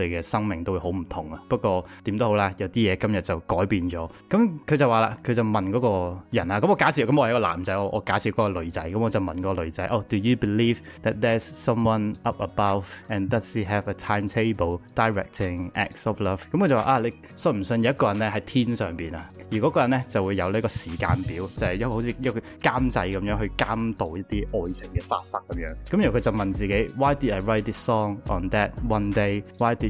哋嘅生命都會好唔同啊！不過點都好啦，有啲嘢今日就改變咗。咁佢就話啦，佢就問嗰個人啊。咁我假設咁我係一個男仔，我我假設嗰個女仔，咁我就問個女仔哦，Do you believe that there's someone up above and does he have a timetable directing acts of love？咁我就話啊，你信唔信有一個人咧喺天上邊啊？而嗰個人咧就會有呢個時間表，就係一個好似一個監製咁樣去監導一啲愛情嘅發生咁樣。咁然後佢就問自己，Why did I write this song on that one day？Why did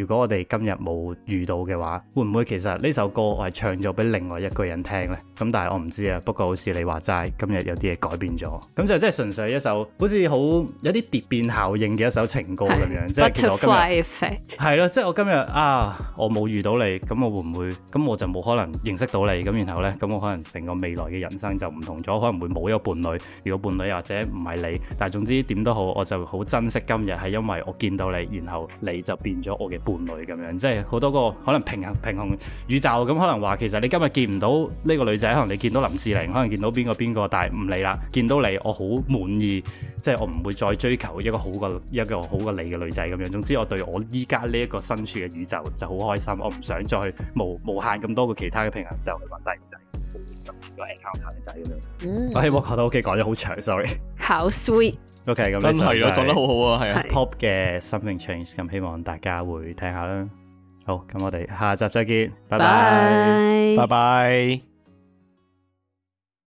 如果我哋今日冇遇到嘅話，會唔會其實呢首歌我係唱咗俾另外一個人聽咧？咁但係我唔知啊。不過好似你話齋今日有啲嘢改變咗，咁就即係純粹一首好似好有啲蝶變效應嘅一首情歌咁樣，的即係 butterfly effect 係咯，But 即係我今日 five.、就是、啊，我冇遇到你，咁我會唔會，咁我就冇可能認識到你？咁然後咧，咁我可能成個未來嘅人生就唔同咗，可能會冇一個伴侶，如果伴侶或者唔係你。但係總之點都好，我就好珍惜今日，係因為我見到你，然後你就變咗我嘅。伴侶咁樣，即係好多個可能平衡平衡宇宙咁，可能話其實你今日見唔到呢個女仔，可能你見到林志玲，可能見到邊個邊個，但係唔理啦。見到你，我好滿意，即係我唔會再追求一個好過一個好過你嘅女仔咁樣。總之我對我依家呢一個身處嘅宇宙就好開心，我唔想再去無無限咁多個其他嘅平衡就去揾低個仔，咁如果 account 下你仔嘅，嗯，哎，我覺得 O K，講得好長，sorry。好 sweet. OK，真係咯，講得好好啊，係啊是，Pulp 嘅 Something Changed，希望大家會聽下啦。好，咁我哋下集再見，拜拜，拜拜。